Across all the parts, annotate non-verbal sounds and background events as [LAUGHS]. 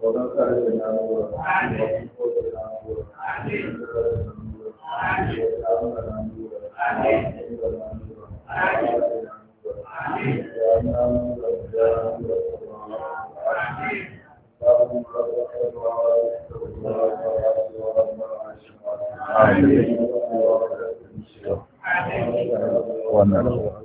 One minute.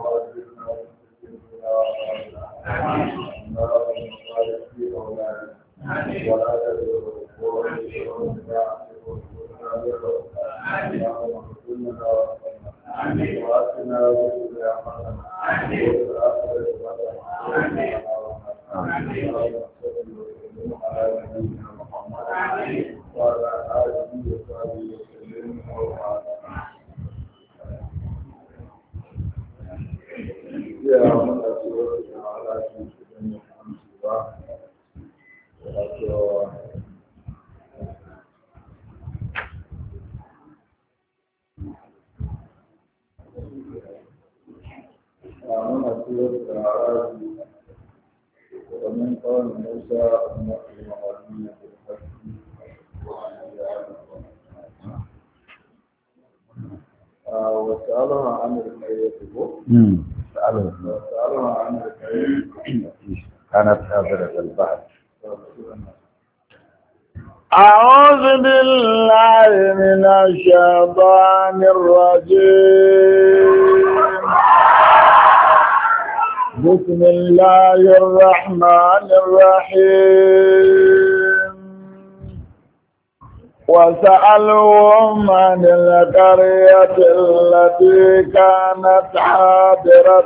Thank you.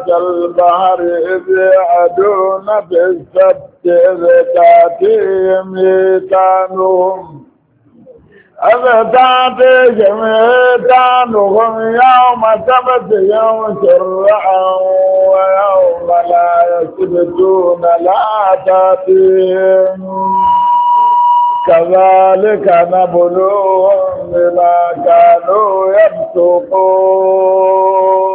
البحر إذ يعدون في السبت إذ تأتيهم إيتانهم أذ تأتيهم إيتانهم يوم سبتهم شرعا ويوم لا يسبتون لا تأتيهم كذلك نبلوهم بما كانوا يفسقون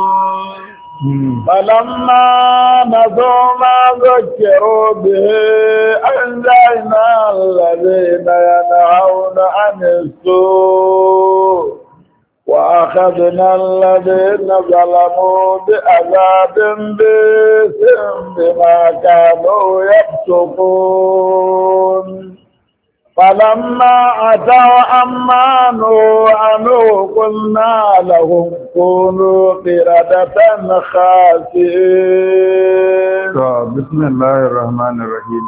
فلما نسوا ما ذكروا به أنزلنا الذين ينهون عن السوء وأخذنا الذين ظلموا بعذاب بئس بما كانوا يفسقون فلما أتوا أما نوعنوا قلنا لهم كونوا قردة خاسئين بسم الله الرحمن الرحيم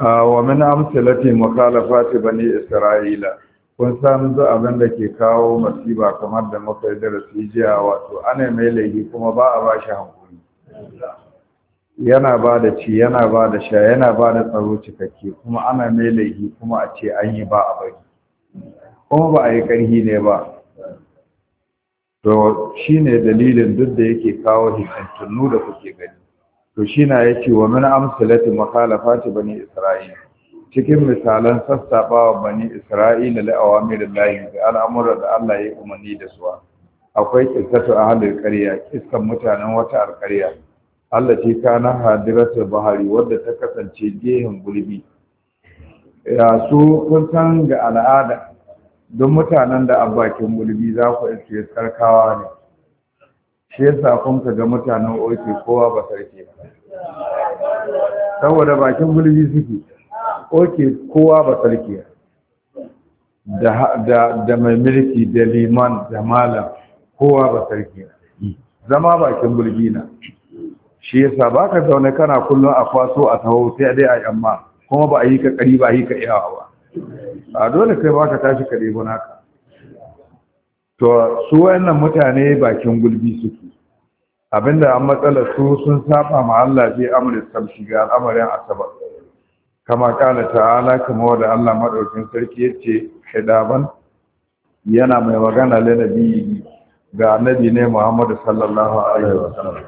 ومن أمثلة مخالفات بني إسرائيل kun san duk abin da ke kawo masiba kamar da muka yi darasi jiya wato ana mai laifi kuma ba a bashi hankuri yana ba da ci yana ba da sha yana ba da tsaro cikakke kuma ana mai laifi kuma a ce an yi ba a bari kuma ba a yi ƙarhi ne ba to shi ne dalilin duk da yake kawo hikantunnu da kuke gani to shi na ya ce wa min amsalati makhalafati bani isra'ila cikin misalan sassaɓawa bani isra'ila da layi da al'amuran da Allah ya umarni da su akwai a halin karya, iskan mutanen wata alƙarya Allah ce kana hadiratu bahari wadda ta kasance gehen gulbi ya su kun san ga al'ada don mutanen da a bakin gulbi za ku iske karkawa ne shi yasa kun ka ga mutanen oke kowa ba sarki saboda bakin gulbi suke oke kowa ba ya? da mai mulki da liman da malam kowa ba ya. zama bakin bulgina shi yasa ba ka zaune kana kullum a kwaso a taho sai dai a yamma kuma ba a yi ka kari ba a yi ka iyawa ba a dole kai ba ka tashi kare ka. to su wayannan mutane bakin gulbi suke abinda an matsala su sun saba ma Allah bi amurin sam shiga al'amarin asabar kama kala ta'ala kama da Allah maɗaukin sarki ya ce hidaban yana mai magana lanabi ga annabi ne Muhammadu sallallahu alaihi wasallam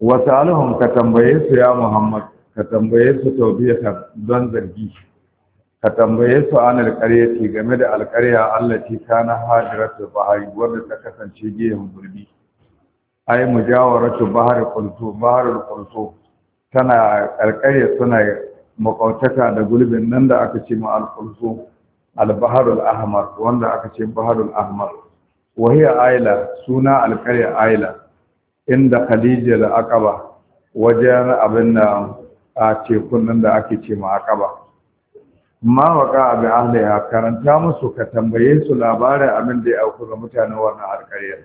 wata alhum ka tambaye su ya Muhammad ka tambaye su taubiyata don zargi ka tambaye su an ce game da alƙarya ta na hadiratu bahari wanda ta kasance gehen burbi ai mujawaratu bahari qultu baharul qultu tana karkare suna makautaka da gulbin nan da aka ce ma al albaharul ahmar wanda aka ce baharul ahmar wa a aila suna alƙarya qarya aila inda khadija al-aqaba wajen abin da a tekun nan da ake ce ma aqaba ma waka bi ya karanta musu ka tambaye su labarin abin da ya auku ga mutanen wannan alƙarya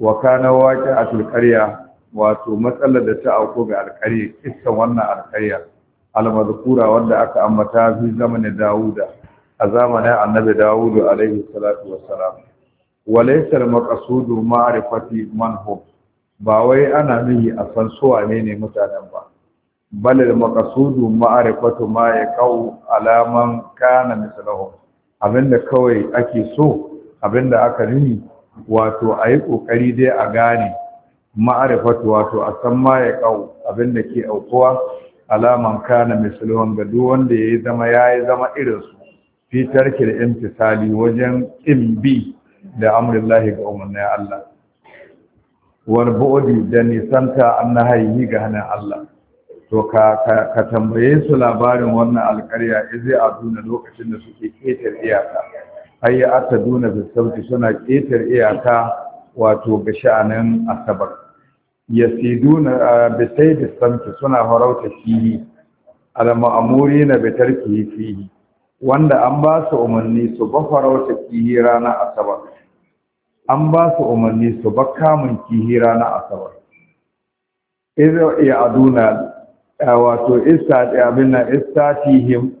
wa kana waqi a qarya wato matsalar da ta auko ga alƙarya kissan wannan alƙarya almazkura wanda aka ambata fi zamanin Dawuda a zamanin Annabi Dawudu alaihi salatu wassalam walaysa almaqsudu ma'rifati man hum ba wai ana nihi a san su wane ne mutanen ba bal almaqsudu ma'rifatu ma yaqau alaman kana mislahum abinda kawai ake so abinda aka nihi wato ayi kokari dai a gane ma'arifatu wato a san ma ya kau abin da ke aukuwa alaman kana misalwan ga duk wanda yayi zama yayi zama irin su fi tarkil imtisali wajen imbi da amrullahi ga umarnin Allah war bodi da nisanta annahi ga hanin Allah to ka ka tambaye su labarin wannan alƙarya izai aduna lokacin da suke ketar iyaka hayya ataduna sauti suna ketar iyaka wato ga sha'anin asabar Ya yasiduna da samti suna farauta fihi al ma'murina bi tarkihi fihi wanda an ba su umarni su ba farauta kihi ranar asabar an ba su umarni su ba kamun kihi ranar asabar izo ya aduna wato isa istati abin na nan istatihim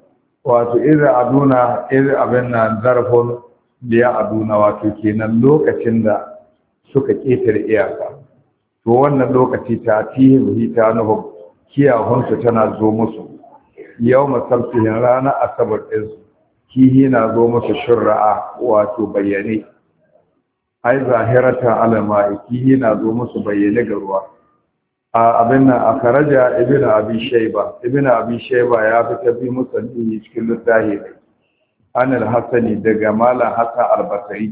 wato izo aduna izo abin na zarfon da ya aduna wato kenan lokacin da suka ƙetare iyaka to wannan lokaci ta tihin ta nuhu kiyahunsu tana zo musu yau masarfihin rana asabar ɗinsu kihi na zo musu shurra'a wato bayyane ai zahiratan alama'i. kihi na zo musu bayyane ga ruwa a abin nan a karaja ibn abi shayba ibn abi shayba ya fita bi musalli cikin lissahi ne an al-hasani daga malam Hassan al-basri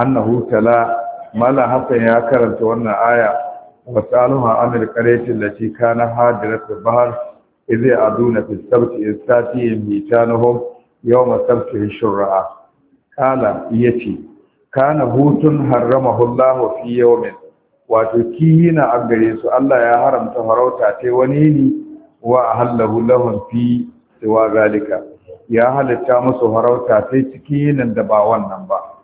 annahu tala malam hasan ya karanta wannan aya wasaluha amir qaryati allati kana hadiratu bahr idh ya'duna fi sabti istati mitanuhum yawma sabti shur'a kala yace kana hutun haramahu Allah fi yawmin wato kiyina a gare su Allah ya haramta farauta ta wani ne wa ahallahu lahum fi siwa zalika ya halatta musu farauta ta cikin da ba wannan ba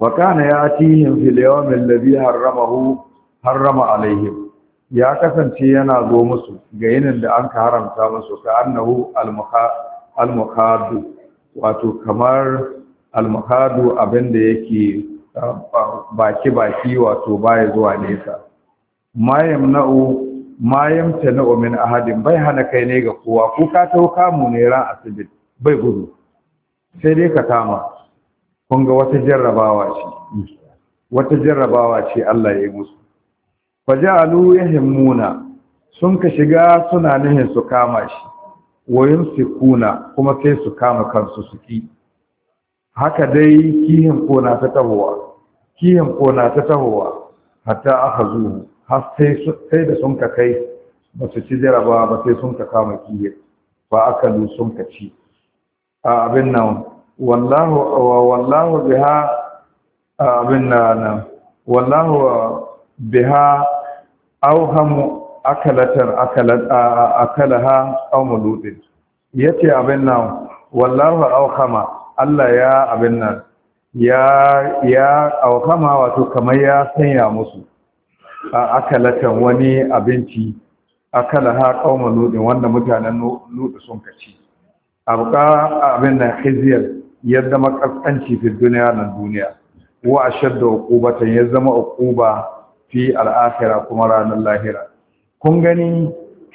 wa kana yatihim fil yawm alladhi harramahu harrama alaihim ya kasance yana zo musu ga yinin da an ka haramta musu ka annahu al-mukhadu wato kamar al abin yake baki baki wato baya zuwa nesa mayam na'u mayam tana'u min ahadin bai hana kai ne ga kowa ko ka taho kamu ne ran asibit bai gudu sai dai ka kama kun ga wata jarrabawa ce wata jarrabawa ce Allah ya yi musu faja'alu yahimmuna sun ka shiga suna nihin su kama shi wayin su kuna kuma sai su kama kansu su ki haka dai kihin kona ta tahowa kihin kona ta tahowa hatta aka zuhu har sai da sun ka kai ba su ci jaraba ba sai sun ka kama kihin ba aka sun ka ci a abin nan wallahu wallahu biha abin nan wallahu biha Auham akalatar akalaha qaumu ya ce abin nan wallahu auhama Allah ya abin nan ya auhama wato kamar ya sanya musu a akalatar wani abinci akalaha qaumu lutin wanda mutanen lutu sun kaci abqa abin nan ya yadda ƙasƙanci fi duniya nan duniya wa ashadda uqubatan ya zama uquba fi al'akhirah kuma ranar lahira kun gani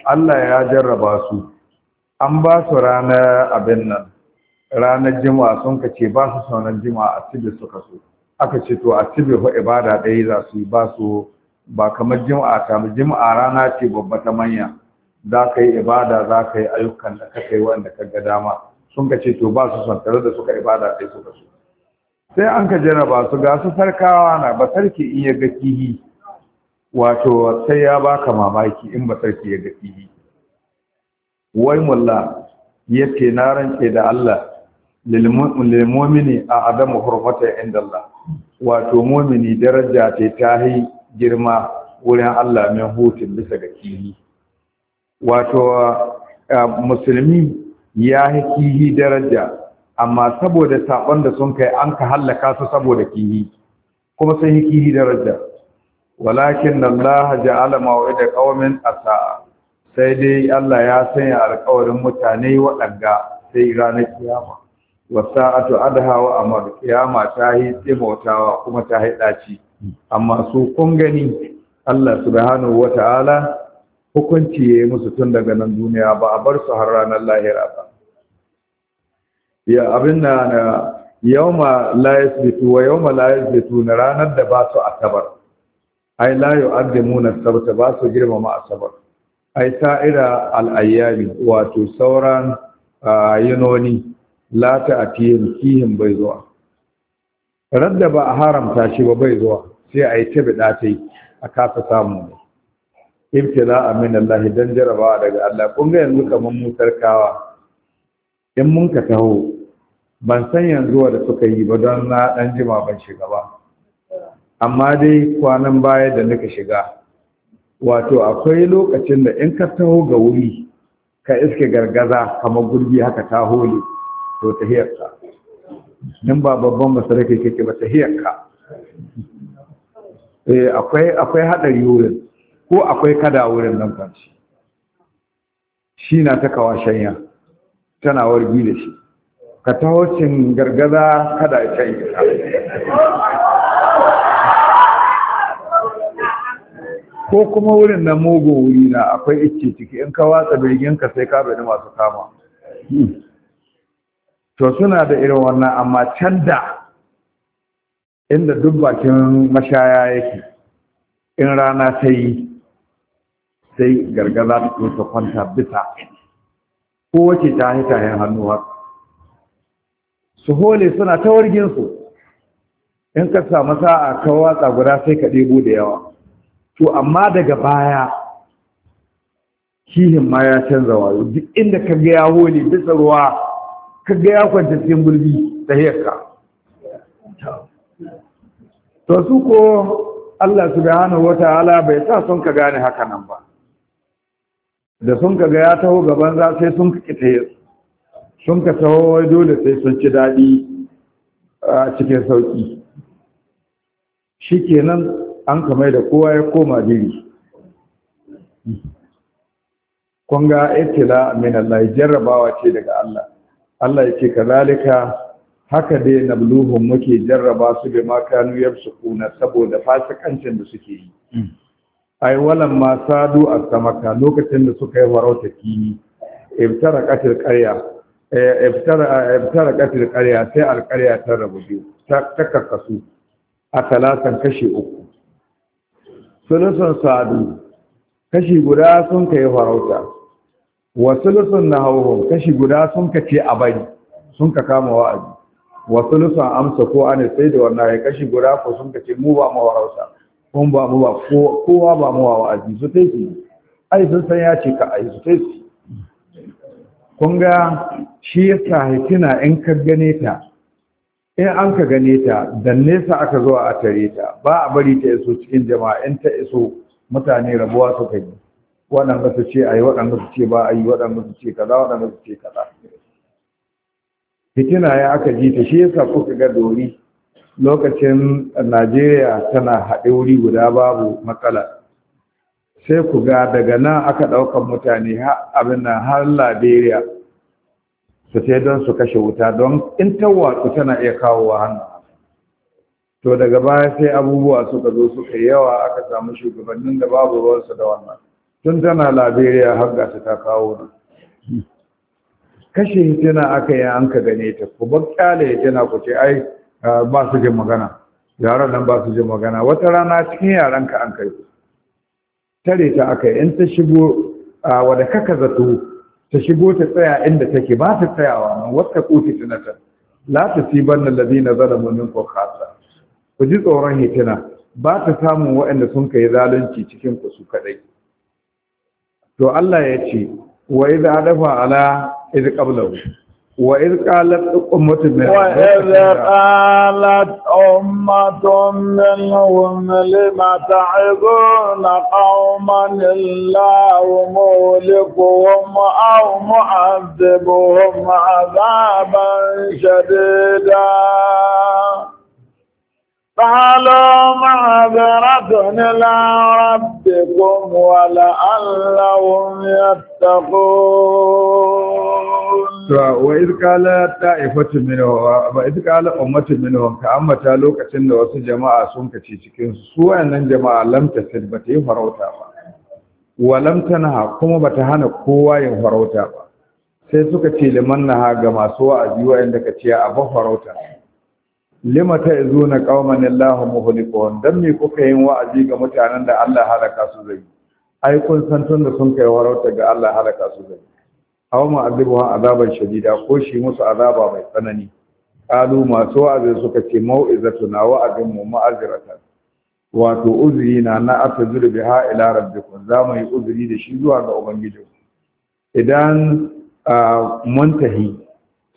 Allah ya jarraba su an ba su ranar abin nan ranar jima'a sun ka ce ba su sauran jima'a a tibi suka so aka ce to a tibi ho ibada ɗaya za su ba su ba kamar jima'a ta jima'a rana ce babba ta manya za ka yi ibada za ka yi ayyukan da ka kai wanda ka ga dama sun ka ce to ba su son tare da suka ibada ɗaya suka so sai an ka jarraba su ga su farkawa na ba sarki in ya ga kihi wato sai ya baka mamaki in ba sarki ya ga wai mulla yace na rance da Allah lil mu'mini a adamu hurmata inda Allah wato mu'mini daraja ta tahi girma wurin Allah min hutun bisa ga kihi wato musulmi ya yi kihi daraja amma saboda saɓon da sun kai an ka hallaka su saboda kihi kuma sai yi kihi daraja walakin Allah ja'ala maw'ida qaumin asaa sai dai Allah ya sanya alƙawarin mutane waɗanda sai ranar kiyama wasa'atu adha wa amar kiyama ta yi tsimautawa kuma ta yi ci. amma su kun gani Allah subhanahu wata'ala hukunci yayi musu tun daga nan duniya ba a bar su har ranar lahira ba ya abin na yawma la yasbitu wa yawma la yasbitu ranar da ba su asabar ai la yu'addimuna sabta ba su girmama asabar ai sa'ira al-ayyami wato sauran yunoni la ta'tihim fihim bai zuwa radda ba a haramta shi ba bai zuwa sai a yi ta bida ta a kasa samu ibtila amin Allah dan jaraba daga Allah kun ga yanzu kaman mu tarkawa in mun ka taho ban san yanzu da suka yi ba don na dan jima ban shiga ba amma dai kwanan baya da nika shiga wato akwai lokacin da in ka taho ga wuri ka iske gargaza kamar gurbi haka ta hole to ta tahiyarka nan ba babban masarake kake ba ta eh akwai akwai hadari wurin ko akwai kada wurin nan kwanci shi na ta shanya tana wargi da shi ka taho cin gargaza kada can yi ko kuma wurin na mugu wuri na akwai icce ciki in ka watsa birginka sai ka bari masu kama hmm. to suna da irin wannan amma can da inda duk bakin mashaya yake in rana ta yi sai gargaza ta kusa kwanta bisa kowace ta hita yin hannu haka su hole suna ta warginsu in ka samu sa'a ka watsa guda sai ka ɗebo da yawa to amma daga baya kihin ma ya canza wayo duk inda ka ga ya hole bisa ruwa ka ga ya kwanta cikin bulbi ta hiyarka to su ko Allah subhanahu ala bai sa sun ka gane haka nan ba da sun ka ga ya taho gaban za sai sun ka kitaye sun ka taho wai dole sai sun ci daɗi a cikin sauƙi shikenan an kamar da kowa ya koma diri kunga itila min Allah jarrabawa ce daga Allah Allah ya ce, kazalika haka dai nabluhum muke jarraba su bi ma kanu yafsukuna saboda fasikancin da suke yi hmm. ai walan ma sadu samaka lokacin da suka yi farauta kini ibtara qatil qarya eh, ibtara eh, ibtara qatil qarya sai ta rabu biyu ta takkasu a talatan kashi uku sulusun sadu kashi guda sun ka yi farauta wa sulusun na kashi guda sun ka ce a bari sun ka kama wa'azi wa sulusun amsa ko ana sai da wannan ya kashi guda ko sun ka ce mu ba mu farauta kun ba mu ba kowa ba mu wa'azi su yi ai sun san ya ce ka ai su yi kun ga shi ya sahi hitina in ka gane ta in an ka gane ta da nesa aka zuwa a tare ta ba a bari ta iso cikin jama'a in ta iso mutane rabuwa su kai waɗanda su ce a yi waɗanda su ce ba a yi waɗanda su ce kaza waɗanda su ce kaza fitina ya aka ji ta shi yasa kuka ga dori lokacin najeriya tana haɗe wuri guda babu matsala sai ku ga daga nan aka ɗaukar mutane abin nan har liberia su sai don su kashe wuta don in ta watsu tana iya kawo wa hannun to daga baya sai abubuwa suka zo suka yawa aka samu shugabannin da babu ruwansu da wannan tun tana laberiya har ga ta kawo nan kashe hitina aka yi an ka gane ta ku ba kyale hitina ku ce ai ba su jin magana yaran nan ba su jin magana wata rana cikin yaran ka an kai tare ta aka yi in ta shigo wadda kaka zato ta shigo ta tsaya inda take ba ta tsayawa nan wata kuti tunata la ta fi banna ladina zalamu minkum khassa ku ji tsoron hitina ba ta samun waɗanda sun kai zalunci cikin ku su kadai to Allah ya ce wa idza dafa ala idza qablahu وإذ قالت أمة منهم وإذ قالت أمة منهم لم تعظون قوما الله مولكهم أو معذبهم عذابا شديدا قالوا معذرة إلى ربكم ولعلهم يتقون وإذ قال wa منهم وإذ قال أمة ka كأمة لوكacin da wasu jama'a sun kaci cikin su wayannan jama'a lam ba ta yi farauta ba wa lamta tanaha kuma bata hana kowa yin farauta ba sai suka ce liman naha ga masu wa'azi wayanda kace a ba farauta lima ta izo na kawman Allah muhlikun dan me kuka yin wa'azi ga mutanen da Allah halaka su zai ai kun san tun da sun kai warauta ga Allah halaka su zai aw ma azabu azaban shadida ko shi musu azaba mai tsanani kalu masu wa'azi suka ce na wa'azin mu ma'aziratan wato uzuri na na atazuru ha ila rabbikum za mu yi uzuri da shi zuwa ga Ubangiji. idan ah, mun tahi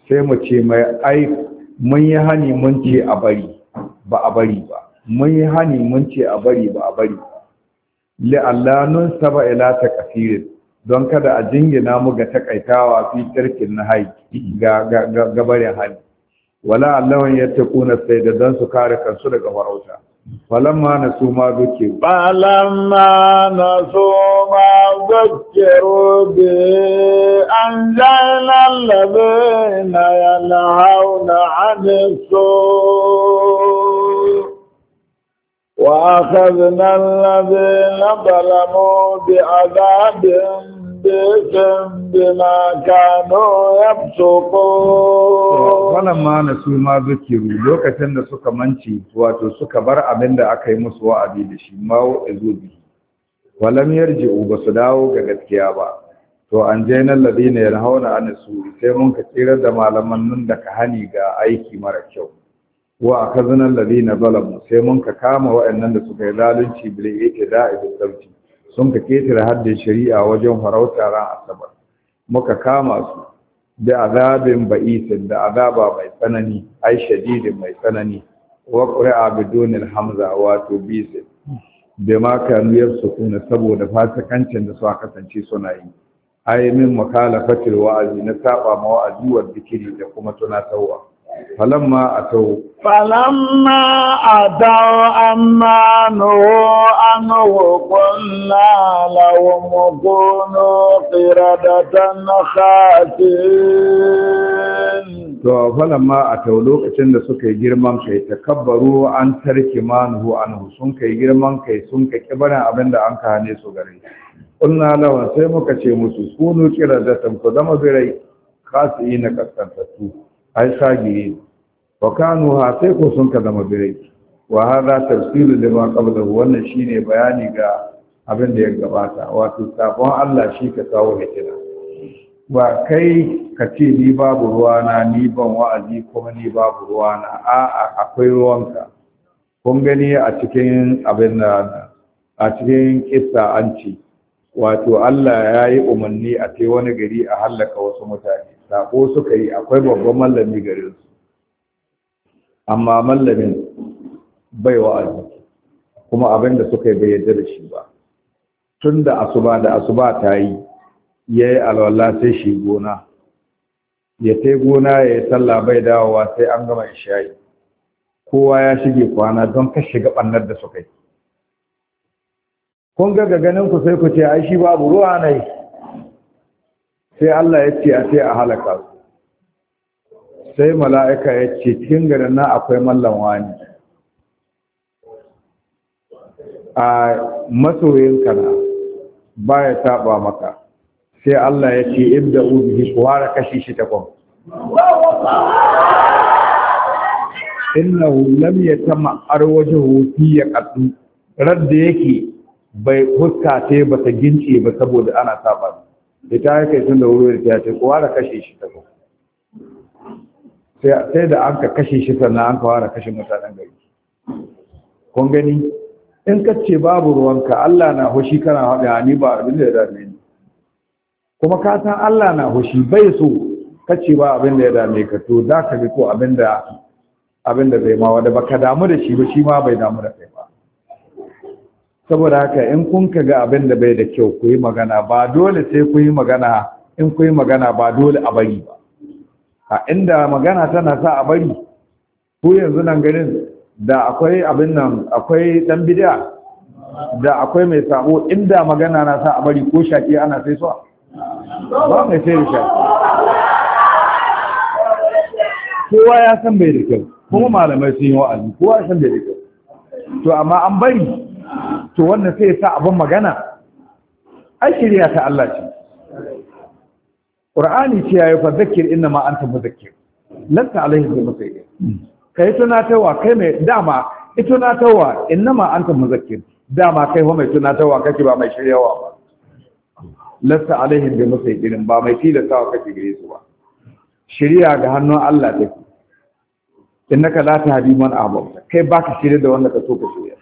sai mu ce mai ai mun yi hani mun ce a bari ba a bari ba mun yi hani mun ce a bari ba a bari ba nun saba ila ta don kada a jingina mu ga takaitawa fi tarkin na hai ga ga ga barin hali wala allawan yattaquna sai da su kare kansu daga farauta falamma na su ma zuke falamma na su ma zuke robe an zana labe na yana hauna hannun so na الذين ظلموا azabin. Wannan ma na su ma نسوا ما da suka manci wato suka bar abin da aka yi musu wa'azi da shi ma zo bi walam ba su dawo ga gaskiya ba to an je ya hau yanhauna an su sai mun ka tsirar da malaman nan da ka hani ga aiki mara kyau wa ladi na zalamu sai mun ka kama wa'annan da suka yi zalunci ke da'a da tawfiq sun ka ketare haddin shari'a wajen farauta ran asabar muka kama su da azabin ba'isin da azaba mai tsanani ai shadidin mai tsanani wa qur'a bidonin hamza wato bisin da ma kanu yasukuna saboda fasikancin da suka kasance suna yi ai min fatil wa'azi na saba ma wa'azi wa zikiri da kuma tunatarwa فلما أتوا فلما أتوا أما نهوا عنه قلنا لهم كونوا قردة خاسئين to falamma a lokacin da suka yi girman kai takabbaru an tarki manuhu anhu sun kai girman kai sun ka abin da an ka su gare kunna lawan sai muka ce musu kunu kira da ku zama birai kasu yi na kaskantattu ai sagi wa kanu ha sai ko sun ka zama birai wa hada tafsiru lima qablahu wannan shine bayani ga abin da ya gabata wato sabon Allah shi ka kawo kina. ba kai ka ce ni babu ruwana ni ban wa'azi kuma ni babu ruwana a'a akwai ruwanka kun gani a cikin abin da a cikin kissa an wato Allah ya yi umarni a kai wani gari a hallaka wasu mutane Saƙo suka yi akwai babban mallami gare su amma mallamin bai wa'azi kuma abin da suka yi bai yadda da shi ba tun da asuba da asuba ta yi ya yi alwala sai shi gona ya ta gona ya yi sallah bai dawowa sai an gama ishayi kowa ya shige kwana don ka shiga ɓannar da suka yi kun ga ganin ku sai ku ce ai shi babu ruwa na yi sai Allah ya ce a sai a halaka su sai mala'ika ya ce cikin garin na akwai mallan wani a masoyin na ba ya saba maka sai Allah ya ce inda ubihi kuwara kashi shi takwan innahu lam yatama arwajuhu fi yaqdu radda yake bai huska sai ba ta ginci ba saboda ana saba ita ya kai tun da wuri ta ce kowa da kashe shi ta ko sai da an ka kashe shi sannan an kawo da kashe mutanen gari kun gani in ka ce babu ruwanka Allah na hushi kana haɗe ni ba abin da ya dame ni kuma ka san Allah na hushi bai so ka ce ba abin da ya dame ka to za ka bi ko abin da abin da zai ma wanda ka damu da shi ba shi ma bai damu da kai ba saboda haka in kun ka ga abin da bai da kyau ku yi magana ba dole sai ku yi magana in ku yi magana ba dole a bari ba a inda magana tana sa a bari ku yanzu nan garin da akwai abin nan akwai dan bid'a da akwai mai sabo inda magana na sa a bari ko shaki ana sai so ba mai sai shaki kowa ya san bai da kyau kuma malamai sun yi wa'azi kowa ya san bai da kyau to amma an bari to wannan sai ya sa abin magana ai shirya ta Allah ce Qur'ani ce yayi fa zakir inna ma anta muzakkir lanta alaihi bi musayyid kai tunatarwa kai mai dama ita tunatarwa inna ma anta muzakkir dama kai ho mai tunatarwa kake ba mai shiryawa ba lanta alaihi bi musayyidin ba mai tilastawa kake gare su ba shirya ga hannun Allah take innaka la tahdi man ahbabta kai baka shirye da wanda ka so ka shirya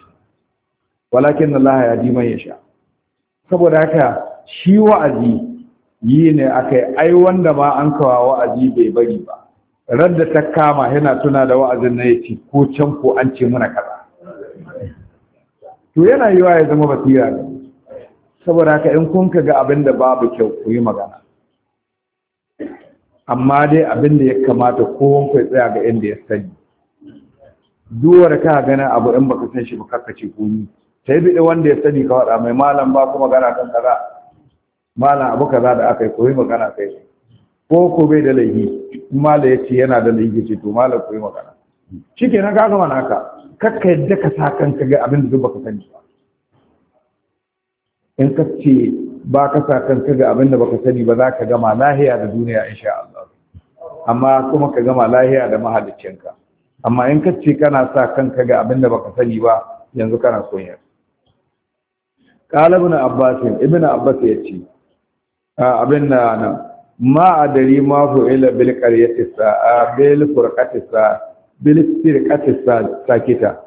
walakin Allah ya ji man yasha saboda haka shi wa'azi yi ne akai ai wanda ma an kawa wa'azi bai bari ba radda ta kama yana tuna da wa'azin na yace ko can ko an ce muna kaza to yana yiwa ya zama basira ne saboda haka in kun ka ga abin da babu kyau ku yi magana amma dai abin da ya kamata ko ku tsaya ga inda ya sani duwar ka gana abu in baka san shi ba kakkace komi sai bi wanda ya sani ka wada mai malam ba kuma magana kan kaza malam abu kaza da aka yi koyi magana kai ko ko bai da laifi malam ya ce yana da laifi ce to malam koyi magana na ka mana haka, kakka yadda ka sa kan ka ga abin da duk baka sani ba in ka ce ba ka sa ka ga abin da baka sani ba za ka gama lahiya da duniya insha Allah amma kuma ka gama lahiya da mahaliccinka amma in ka ce kana sa kan ka ga abin da baka sani ba yanzu kana son yarda qala ibn abbas ya abbas abin da nan ma dari ma fu'ila bil qaryati sa'a bil furqati sa'a bil firqati sakita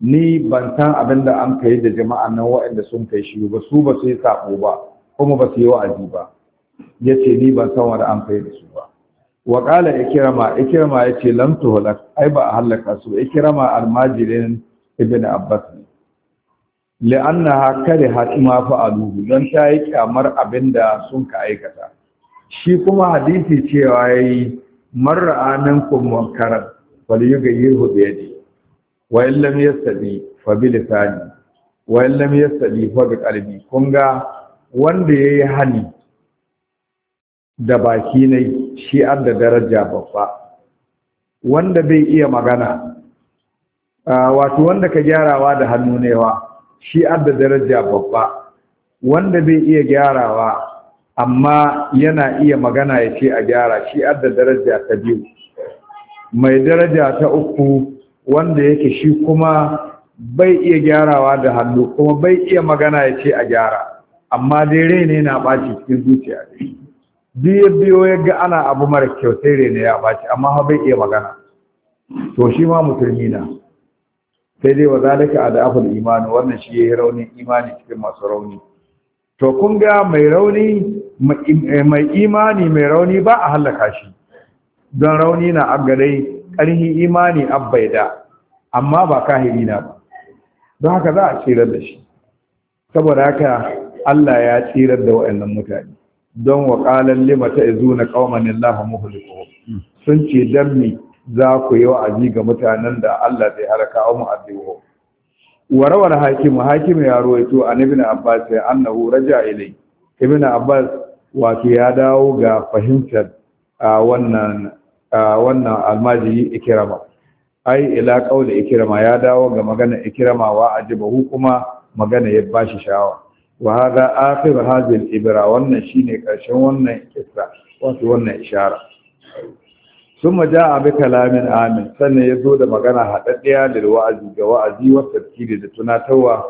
ni ban san abin da an kai da jama'an nan waɗanda sun kai shi ba su ba su yi sako ba kuma ba su yi wa'azi ba Ya ce ni ban san wanda an kai da su ba wa ikirama ikirama ya yace lam tuhlak ai ba a hallaka su ikirama almajirin ibn abbas li'annaha karihat fa fa'aluhu don ta yi kyamar abinda sun ka aikata shi kuma hadisi cewa yi marra anankum munkar falyughayyirhu ya yadi wa in lam sadi, fa bi lisani wa in lam yastadi fa bi qalbi kun ga wanda yayi hani da baki ne shi an da daraja babba wanda bai iya magana wato wanda ka gyarawa da hannu wa shi adda daraja babba wanda bai iya gyarawa amma yana iya magana ya ce a gyara shi adda daraja ta biyu mai daraja ta uku wanda yake shi kuma bai iya gyarawa da hannu kuma bai iya magana ya ce a gyara amma dai rai ne na ɓaci cikin zuciya ne biyo ya ga ana abu mara kyau sai rai ne ya ɓaci amma bai iya magana to shi ma musulmi na sai dai wa zalika adaful iman wannan shi ya yi raunin imani cikin masu rauni to kun ga mai rauni mai imani mai rauni ba a hallaka shi don rauni na abgadai ƙarhi imani abbaida amma ba kahiri na ba don haka za a tsirar da shi saboda haka Allah ya tsirar da waɗannan mutane don wa mata limata na ƙaumanin lafa muhlikuhum sun ce dan za ku yi wa'azi ga mutanen da Allah zai halaka wa mu'addibuhum Warawar hakim hakim ya ruwaito a ibn abbas ya annahu raja ilai ibn abbas wato ya dawo ga fahimtar wannan wannan almajiri Ikirama. ai ila kauli Ikirama ya dawo ga magana ikirama wa ajibahu kuma magana ya bashi shawa wa hada akhir hadhihi ibra wannan shine karshen wannan kissa wato wannan ishara sun maja abi kalamin amin sannan ya zo da magana haɗaɗɗiya da wa'azi ga wa'azi wa tafkiri da tunatarwa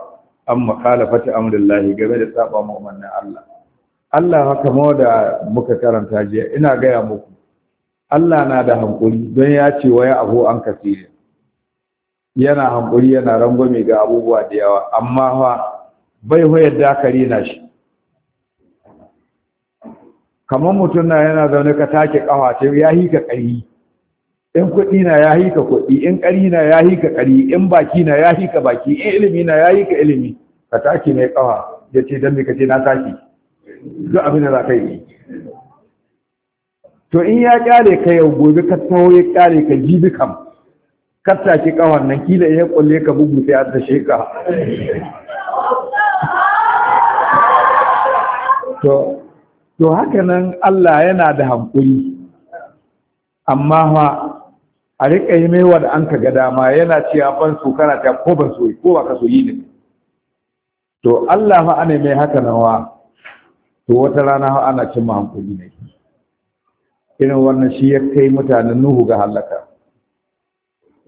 an makalafata amrillahi game da saba mu'minin Allah Allah haka ma da muka karanta jiya ina gaya muku Allah na da hankuri don ya ce waya abu an kasiri yana hankuri yana rangwame ga abubuwa da yawa amma fa bai hoyar da aka rina shi kamar mutum na yana zaune ka take kawa ce ya yi ka ƙari in kuɗi na ya yi ka kuɗi in ƙari na ya yi ka ƙari in baki na ya yi ka baki in ilimi na ya yi ka ilimi ka take mai kawa ya ce don ka ce na take duk abin da za ka yi to in ya kyale ka yau gobe ka taho ya kyale ka ji kam ka take kawan nan kila ya kulle ka bugu sai a tashe ka [LAUGHS] to to haka nan Allah yana da hankuri amma ha a riƙa yi mai da an ka ga dama yana ce a ban su kana ta ko ban so ko ba ka so yi ne to Allah fa ana mai haka nan wa to wata rana ha ana cin ma hankuri ne irin wannan shi ya kai mutanen Nuhu ga halaka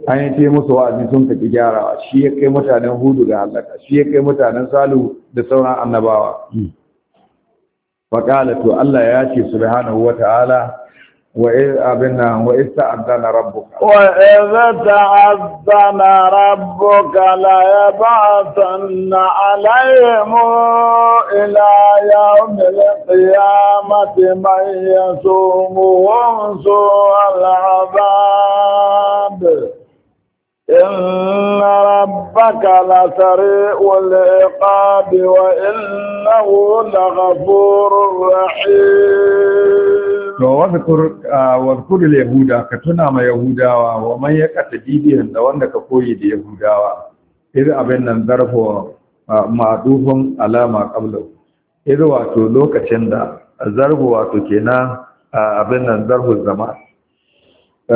an yi ce musu wa'azi sun tafi gyarawa shi ya kai mutanen Hudu ga halaka shi ya kai mutanen Salihu da sauran annabawa hmm. فقالت الله ياتي سبحانه وتعالى وإذ أبنا وإذ تأذن ربك وإذ تأذن ربك ليبعثن عليهم إلى يوم القيامة من يسومهم سوء العذاب إن ربك لسريع العقاب وإنه لغفور رحيم to wazkur yahuda ka tuna ma yahudawa wa man yakata dibiyan da wanda ka koyi da yahudawa idan abin nan zarfo ma'dufun alama qabla idan wato lokacin da zarfo wato kenan abin nan zarfo zaman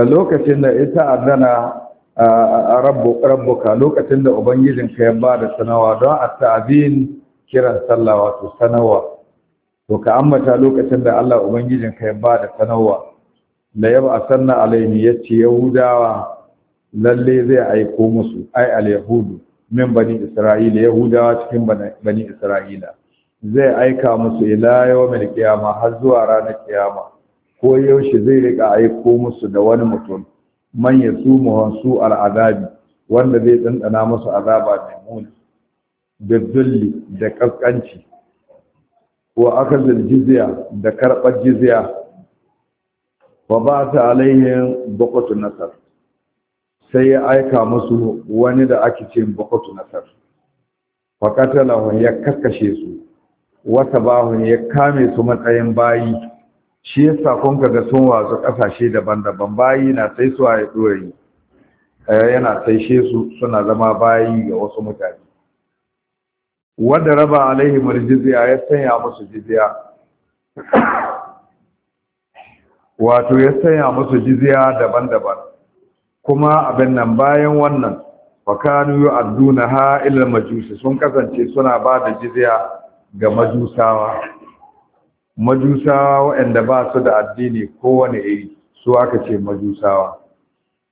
lokacin da ita adana rabbuka lokacin da ubangijinka ya ba da sanawa don a ta'abin kiran sallah wato sanawa to ka ammata lokacin da Allah ubangijinka ya ba da sanawa la yaba sanna alaihi yace yahudawa lalle zai aiko musu ai al yahudu min bani isra'ila yahudawa cikin bani isra'ila zai aika musu ila yawmil qiyama har zuwa ranar kiyama ko yaushe zai rika aiko musu da wani mutum man yasumuhu su al'azabi wanda zai tsantsana masu azaba da muni da dulli da ƙasƙanci, wa akazil jizya da karɓar jizya Ba ba ta alaihin bakwatu nasar sai ya aika musu wani da ake ce bakwatu nasar fakatala ya kakkashe su wata bahun ya kame su matsayin bayi shi yasa kun ga sun wasu kasashe daban-daban bayi na sai su a ɗori eh, yana sai su suna zama bayi ga wasu mutane wadda raba alaihi marjiziya ya sanya musu jiziya wato ya sanya musu jiziya daban-daban kuma abin nan bayan wannan fakanu yu'adduna ha ha'ilar majusi sun kasance suna ba da jiziya ga majusawa majusawa waɗanda ba su da addini kowane iri su aka ce majusawa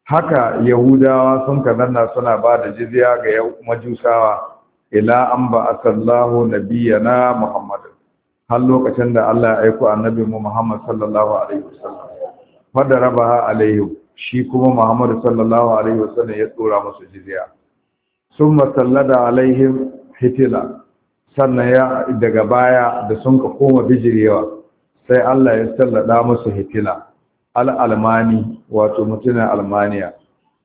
haka yahudawa sun kananna suna ba da jizya ga majusawa ila an ba asallahu na muhammadu har lokacin da Allah ya aiko annabi mu muhammad sallallahu alaihi wasallam raba ha alaihi shi kuma muhammad sallallahu alaihi wasallam ya tsora musu jizya sun masallada alaihim hitila sannan ya daga baya da sun ka koma bijirewa sai Allah ya sallada musu hitila al almani wato mutumin almaniya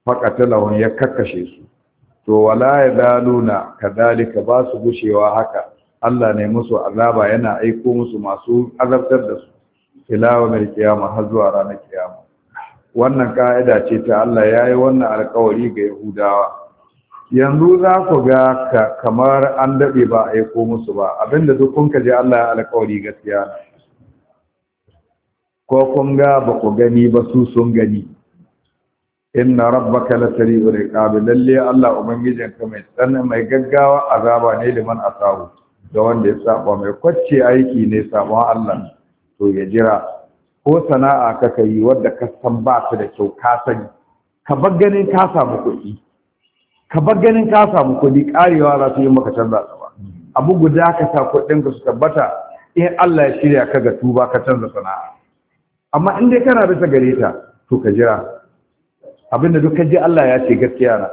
lahun ya kakkashe su to wala ya daluna kadalika ba su gushewa haka Allah ne musu azaba yana aiko musu masu azabtar da su ilawa mai kiyama har zuwa ranar kiyama wannan ka'ida ce ta Allah ya yi wannan alkawari ga Yahudawa yanzu za ku ga kamar an daɗe ba a ko musu ba abinda duk kun ka je Allah ya alƙawari gaskiya ko kun ga ba ku gani ba su sun gani inna rabbaka lasari'ul iqab lalle Allah ubangijin ka mai tsanan mai gaggawa azaba ne liman asahu da wanda ya saba mai kwacce aiki ne sabon Allah to ya jira ko sana'a kaka yi wadda ka san ba ta da kyau ka sani ka bar ganin ka samu kuɗi ka bar ganin ka samu kuɗi karewa za su yi maka canza su ba abu guda ka sa kudin ka su tabbata in Allah ya shirya ka ga tuba ka canza sana'a amma in dai kana bisa gare ta to ka jira abinda duk ka ji Allah ya ce gaskiya na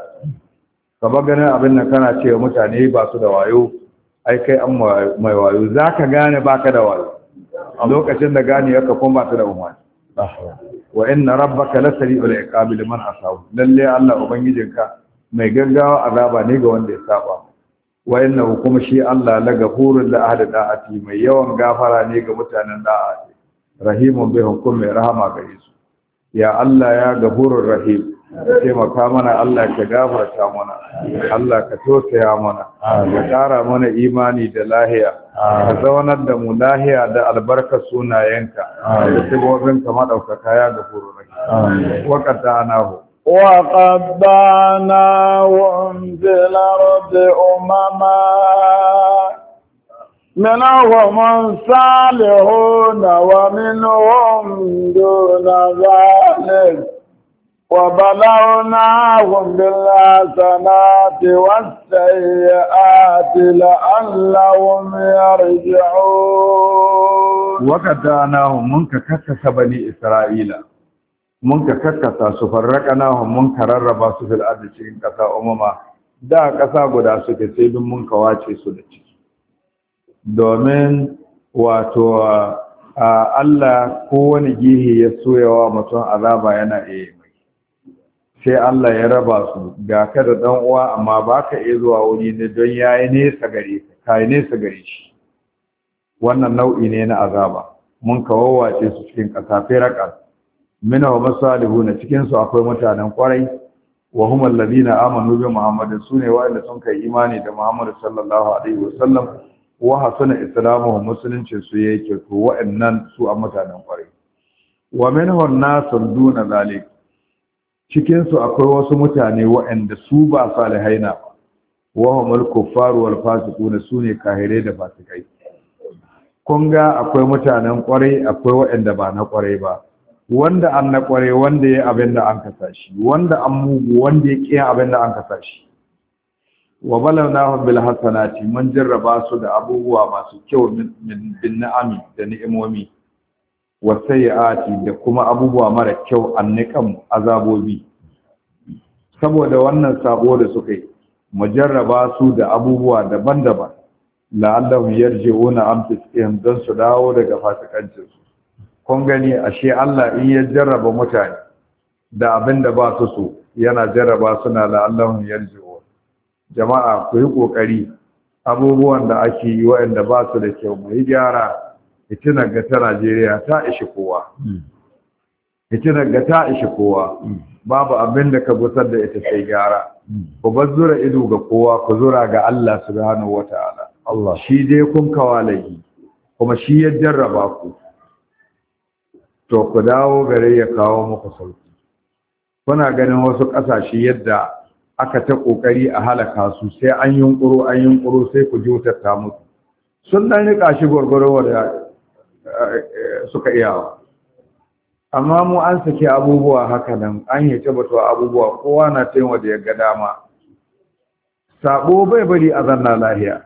ka bar ganin abin nan kana ce mutane ba su da wayo ai kai an mai wayo za ka gane baka da wayo lokacin da gane ya ka koma ta da umarni wa inna rabbaka lasari'ul iqabil man asaw lalle Allah ubangijinka mai gaggawa azaba ne ga wanda ya saba wa innahu kuma shi Allah la ghafurul la ahad da'ati mai yawan gafara ne ga mutanen da'a rahimun bi hukumi rahama ga su ya Allah ya ghafurur rahim ka taimaka mana Allah ka gafarta mana Allah ka tosaya mana ka kara mana imani da lahiya ka zaunar da mu lahiya da albarka sunayenka da ka maɗaukaka ya ga rahim rai anahu وقبعناهم في الأرض أمما منهم الصالحون ومنهم دون ذلك وبلوناهم بالحسنات والسيئات لعلهم يرجعون وقد دعناهم منك كتس بني إسرائيل mun ka kakkasa su farraqana hum mun kararraba su fil ardi cikin kasa umama da kasa guda suke sai dun mun ka wace su da ciki domin wato Allah ko wani gihi ya soyawa mutum azaba yana iya mai sai Allah ya raba su ga ka da dan uwa amma ka iya zuwa wuri ne don yayi nesa gare ka kai nesa gare shi wannan nau'i ne na azaba mun ka kawawace su cikin kasa firakan mina wa masalihuna cikin su akwai mutanen kwarai wa hum alladhina amanu bi muhammadin sune wa'anda sun kai imani da muhammad sallallahu alaihi wa sallam wa hasana islamuhum musulunci su yake to wa'annan su a mutanen kwarai wa minhum nasu duna zalik cikin su akwai wasu mutane wa'anda su ba salihai na wa humul kuffaru wal fasiquna sune kahirai da fasikai kun ga akwai mutanen kwarai akwai wa'anda ba na kwarai ba wanda an na kware wanda ya abin da an kasa shi wanda an mugu wanda ya kiyan abin da an kasa shi wa balawnahum bilhassana hasanati mun jarraba su da abubuwa masu kyau bin na'ami da ni'imomi wa ati, da kuma abubuwa mara kyau an nikan azabobi saboda wannan sabo da suka yi mu jarraba su da abubuwa daban-daban la'allahu yarje am tasqihim dan su dawo daga fasikancinsu kun gani ashe Allah in ya jarraba mutane da abin da ba su so yana jarraba suna la'allahun yarji'u jama'a ku yi kokari abubuwan da ake yi waɗanda ba su da kyau mu yi gyara fitinar ga ta Najeriya ta ishi kowa fitinar ga ta ishi kowa babu abin da ka gusar da ita sai gyara ku bar zura ido ga kowa ku zura ga Allah subhanahu wata'ala Allah shi dai kun kawalayi kuma shi ya jarraba ku to ku dawo gare ya kawo muku sauki kuna ganin wasu ƙasashe yadda aka ta ƙoƙari a halaka su sai an yunƙuro an yunƙuro sai ku ta musu sun dan riƙa shi gwargwaro da eh, suka iyawa amma mu an saki abubuwa haka nan an yi ta tabbatuwa abubuwa kowa na taimawa da ya ga dama sabo bai bari a zanna lahiya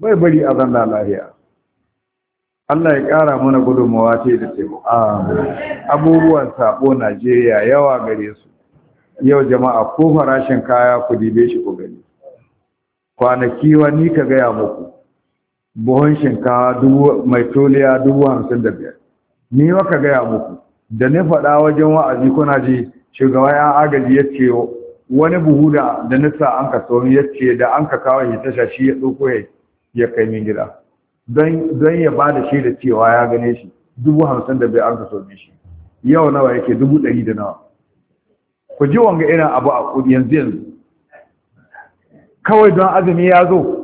bai bari a zanna lahiya Allah ya ƙara mana gudunmawa ta da teku. Abubuwan sabo Najeriya yawa gare su. Yau jama'a ko farashin kaya ku dibe shi ku gani. Kwanaki wani ka gaya muku. Buhun shinkawa mai toliya dubu hamsin da biyar. Ni waka gaya muku. Da ni faɗa wajen wa'azi kuna ji shugaba ya agaji ya ce wani buhu da nisa an ka tsohon ya ce da an ka kawo ya tasha shi ya ɗauko ya kai min gida. don ya ba da shaida cewa ya gane shi dubu hamsin da bai arka ne shi yau nawa yake dubu ɗari da nawa ku ji wanga irin abu a kudi yanzu yanzu kawai don azumi ya zo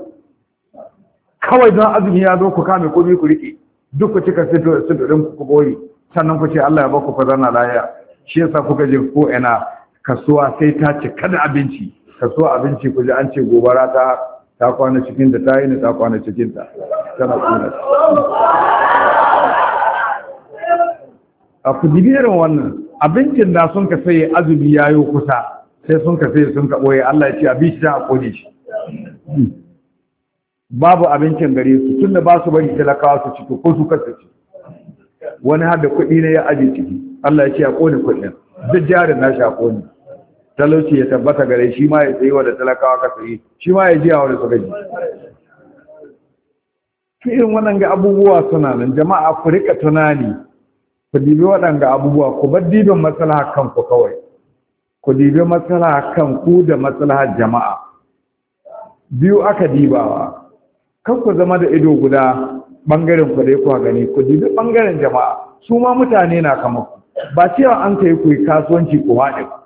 kawai don azumi ya zo ku kame komai ku riƙe duk ku cika sidorin ku bori sannan ku ce Allah ya ba ku fazana laya shi yasa kuka je ko ina kasuwa sai ta cika da abinci kasuwa abinci ku ji an ce gobara ta ta kwana cikin ta ta yi ne ta kwana cikin ta tana kuna a ku wannan abincin da sun ka sai azumi ya yi kusa sai sun ka sai sun ka ɓoye Allah ya ce abinci za a ƙone shi babu abincin gare su tunda ba su bari talakawa su ci ko su kasa ci wani har da kuɗi ne ya aje ciki Allah ya ce a ƙone kuɗin duk jarin na shi a ƙone talauci ya tabbata gare shi ma ya tsaye wa da talakawa ka tsaye shi ma ya jiya wani suka ji irin wannan ga abubuwa suna nan jama'a ku rika tunani ku dibi waɗanga abubuwa ku bar dibin matsala kanku kawai ku dibi matsala kanku da matsala jama'a biyu aka dibawa kan ku zama da ido guda ɓangaren ku dai kuwa gani ku dibi ɓangaren jama'a su ma mutane na kama ku ba cewa an kai ku yi kasuwanci ku haɗe ku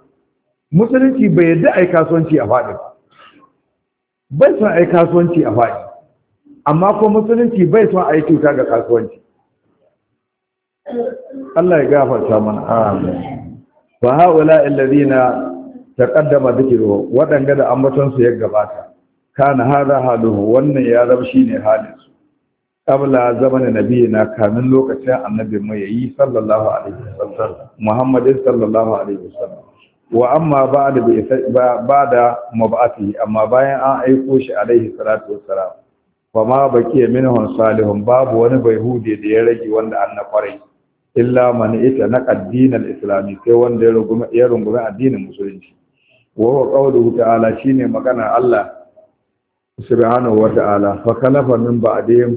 musulunci bai yadda a yi kasuwanci a faɗi ba bai son a yi kasuwanci a faɗi amma ko musulunci bai son a yi cuta ga kasuwanci Allah ya gafarta mana amin fa haula alladhina taqaddama dhikru wadanga da ambaton su ya gabata kana hada haluhu wannan ya zama shine halin su qabla zamanin nabiyina kamin lokacin annabi mai yi sallallahu alaihi wasallam muhammadin sallallahu alaihi wasallam wa amma ba da ba da mabati amma bayan an aiko shi alaihi salatu wassalam fa ma baqiya minhum salihun babu wani hude da ya rage wanda an na illa man ita na addinin islami sai wanda ya rungume ya rungumi addinin musulunci wa huwa qawluhu ta'ala shine magana Allah subhanahu wa ta'ala fa khalafa min ba'dihim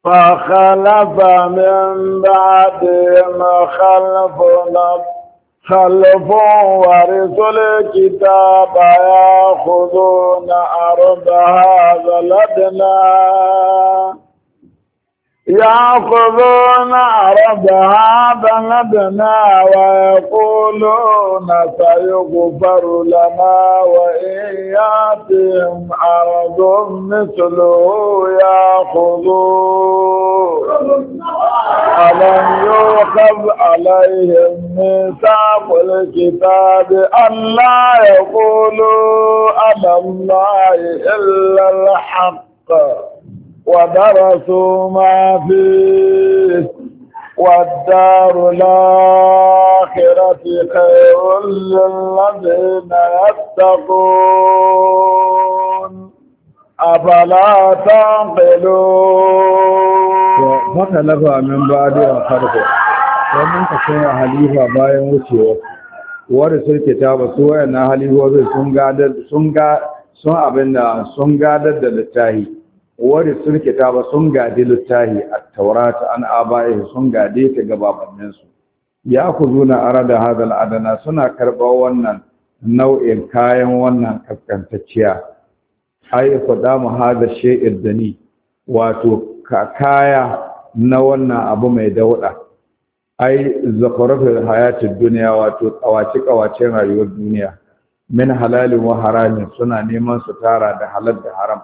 fa khalafa min ba'dihim khalafu خلف ورثوا الكتاب ياخذون أرض هذا الأدنى يأخذون عرض هذا لدنا ويقولون سيغفر لنا وإن يأتهم عرض مثله يأخذوه ألم يؤخذ عليهم ميثاق الكتاب أن لا يقولوا على الله إلا الحق ودرسوا ما فيه والدار الآخرة خير للذين يتقون أفلا تعقلون من بعد halifa bayan wucewa wadda sun kitaba su sun gadar sun sun gadar da littahi wari sun kitaba sun gadi littahi a taurata an abaye sun gade ta ga babanninsu ya ku zuna da hadal adana suna karɓar wannan nau'in kayan wannan kaskantacciya ai ku damu hada da dani wato kaya na wannan abu mai dauɗa ai zakarufin hayatin duniya wato kawace kawacen rayuwar duniya min halalin wa haramin suna neman su tara da halal da haram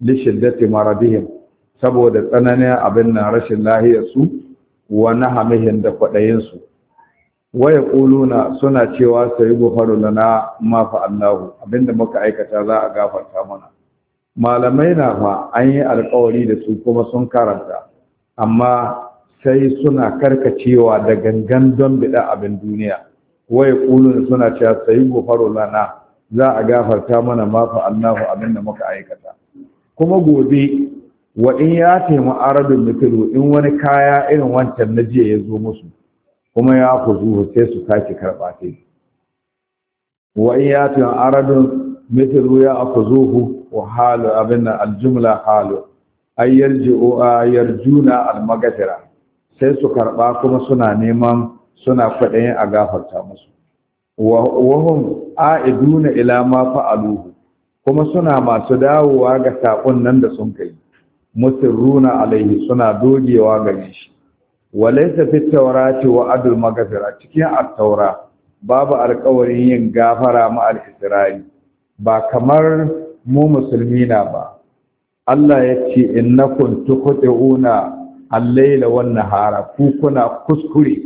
Lishin shiddati maradihim saboda tsananin abin nan rashin lahiyar su na hamihin da kwaɗayinsu su ƙuluna suna cewa sai gufaru na, ma mafi Allahu abinda muka aikata za a gafarta mana malamai na fa an yi alkawari da su kuma sun karanta amma sai suna karkacewa da gangan don bida abin duniya waya ƙuluna suna cewa sai gufaro na za a gafarta mana ma Allahu abinda muka aikata kuma gobe wa in ya taimu arabin mutulu in wani kaya irin wancan na jiya ya zo musu kuma ya ku zuhu sai su sake karɓa ta wa in ya taimu arabin mutulu ya aku zuhu wa halu abin da aljumla halu ayyar ji'o'a juna almagatira sai su karɓa kuma suna neman suna kwaɗayin a gafarta musu wa wahum a'iduna ila ma fa'aluhu kuma suna masu dawowa ga saƙon nan da sun kai musirruna alaihi suna dogewa ga shi walaysa tafi tawrati wa adul maghfira cikin at babu alkawarin yin gafara ma al ba kamar mu musulmi na ba Allah ya ce innakum tuqti'una una layla wan hara, ku kuna kuskure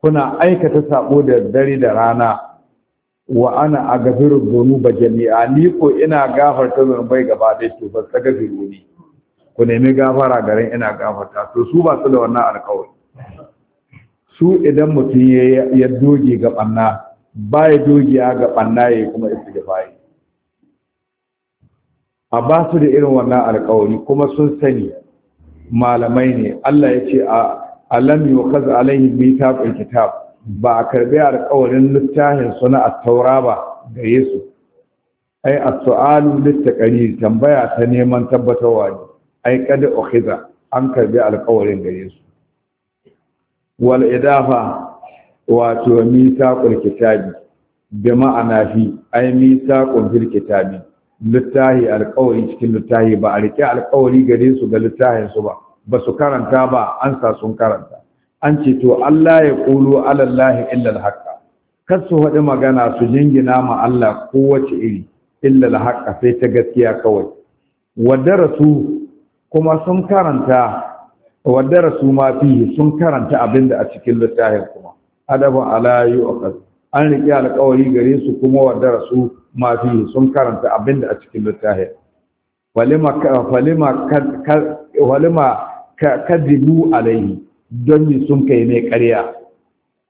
kuna aikata sabo da dare da rana wa ana zonu ba jami'a ni ko ina gafarta bai gaba da to ba saka ni ku nemi gafara garin ina gafarta to su ba su da wannan alƙawari su idan mutum ya doge ga banna ba ya dogiya ga banna ya kuma bayi a ba su da irin wannan alƙawari kuma sun sani malamai ne Allah ya ce a alam yukhaz alaihim mithaqul kitab ba a karbi alƙawarin littafin suna a taura ba ga Yesu ai a sualu ƙari, tambaya ta neman tabbatarwa ne ai kada ohiza an karbi alƙawarin ga Yesu wal idafa wato misaqul kitabi bi ma'ana fi ai misaqul bil littahi alƙawari cikin littafi, ba a rike alƙawari gare su ga littafinsu su ba ba su karanta ba an sa sun karanta an ce to Allah ya ƙulu alallahi illal haƙƙa. kar su haɗi magana su jingina ma Allah kowace iri illal haƙƙa sai ta gaskiya kawai wadda su kuma sun karanta wadda su ma fihi sun karanta abin da a cikin littafin kuma adabun ala yu'qad an riƙe alƙawari gare su kuma wadda su ma fihi sun karanta abin da a cikin littafin walima walima walima kadibu alaihi don yi sun kai mai karya.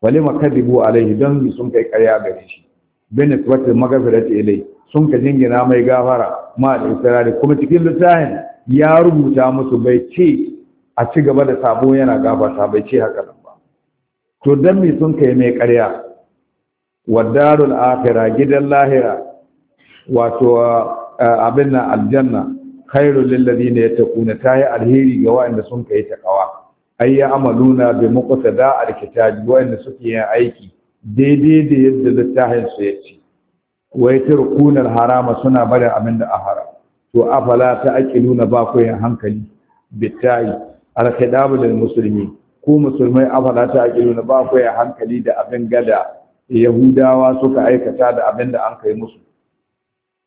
wali makadibu alaihi don yi sun kai karya gare shi bene tuwatin magafirati ilai sun ka jingina mai gafara ma da kuma cikin littafin ya rubuta musu bai ce a ci gaba da sabo yana gabata bai ce haka nan ba to don mai sun kai mai wa wadarul akhirah gidan lahira wato abin nan aljanna khairul lil ladina yattaquna tayi alheri ga waɗanda sun kai takawa ay ya'maluna bi muqtada al-kitab wa'anda suke yin aiki daidai da yadda littafin su yace wai tarkuna al-harama suna barin abin da ahara to afala ta ta'qiluna ba ku yin hankali bitai al-khidab lil muslimin ku musulmai afala ta ta'qiluna ba ku yin hankali da abin gada yahudawa suka aikata da abin da an kai musu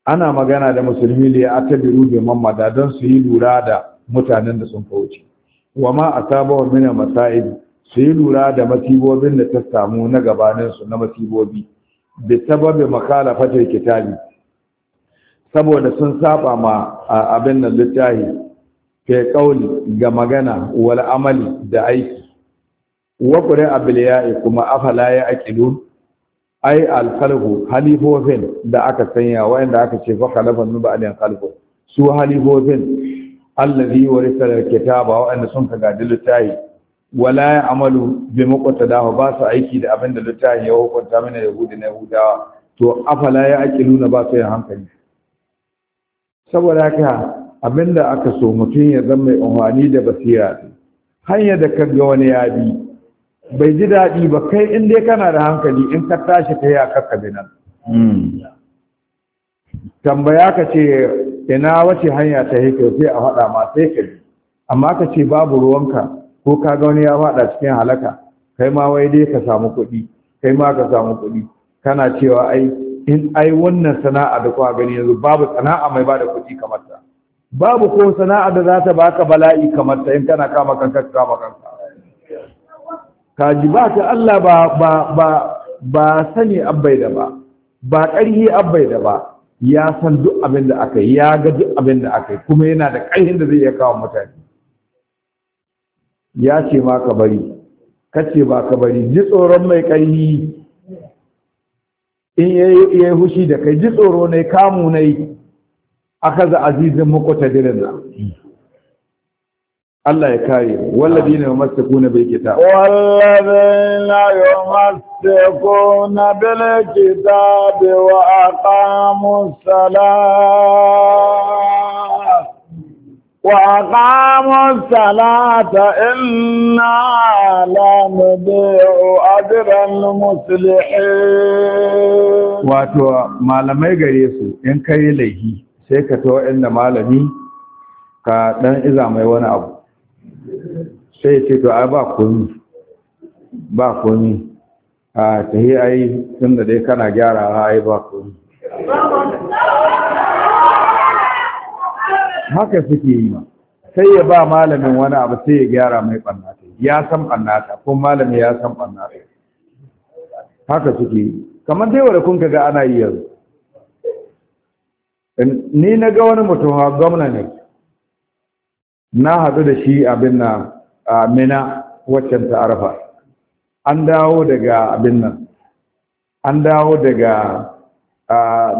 ana magana da musulmi ne a tabiru bi mamada don su yi lura da mutanen da sun fauce. wa ma asaba min masa'ib su lura da masibobin da ta samu na gabanin su na masibobi bi sababi makalafatul kitabi saboda sun saba ma abin nan littahi ke kauli ga magana wal amali da aiki wa qura abliya'i kuma afala ya aqilun ai alkhalqu halifofin da aka sanya wa'anda aka ce fa khalafan min ba'din khalqu su halifofin allazi warisa ba wa'anda sun ka gadi littafi wala ya bi muqtadahu ba su aiki da abin da littafi ya hukunta mana yahudi na yahudawa to afala ya aqiluna ba su yin hankali saboda haka abinda aka so mutum ya zama mai unhani da basira hanya da kaga wani ya bi bai ji daɗi ba kai in dai kana da hankali in ka tashi ta yi a kakka nan hmm. tambaya ka ce ina wace hanya ta yi sai a faɗa ma sai ka bi amma ka ce babu ruwanka ko ka ga wani ya faɗa cikin halaka kai ma wai dai ka samu kuɗi kai ma ka samu kuɗi kana cewa ai in ai wannan sana'a da kuka gani yanzu babu sana'a mai bada kuɗi kamar ta babu ko sana'a da za ta baka bala'i kamar ta in kana kama kanka kama kanka kaji ba ta Allah ba ba ba ba sani abbai da ba ba ƙarhi abbai da ba ya san duk abin da aka yi ya ga duk abin da aka yi kuma yana da ƙarfin da zai iya kawo mutane ya ce ma ka bari ka ce ba ka bari ji tsoron mai ƙarfi in ya yi hushi da kai ji tsoro ne kamu ne aka za azizin muku ta Allah ya kare wallabi ne masu kuna bai kita wallabi na yi masu kuna bai kita bi wa aqamu salat wa aqamu salata inna la nudi'u ajran muslihin wato malamai gare su in kai laihi sai ka to inda malami ka dan iza mai wani abu sai ce to ai ba komi ba komi a yi ai tun da dai kana gyara ai ba komi haka suke yi sai ya ba malamin wani abu sai ya gyara mai ɓannata ya san ɓannata ko malami ya san ɓannata haka suke yi kamar dai wadda kun ga ana yi yanzu ni na ga wani mutum ha gwamna ne na haɗu da shi abin na a mina waccan ta arafa an dawo daga abin nan an dawo daga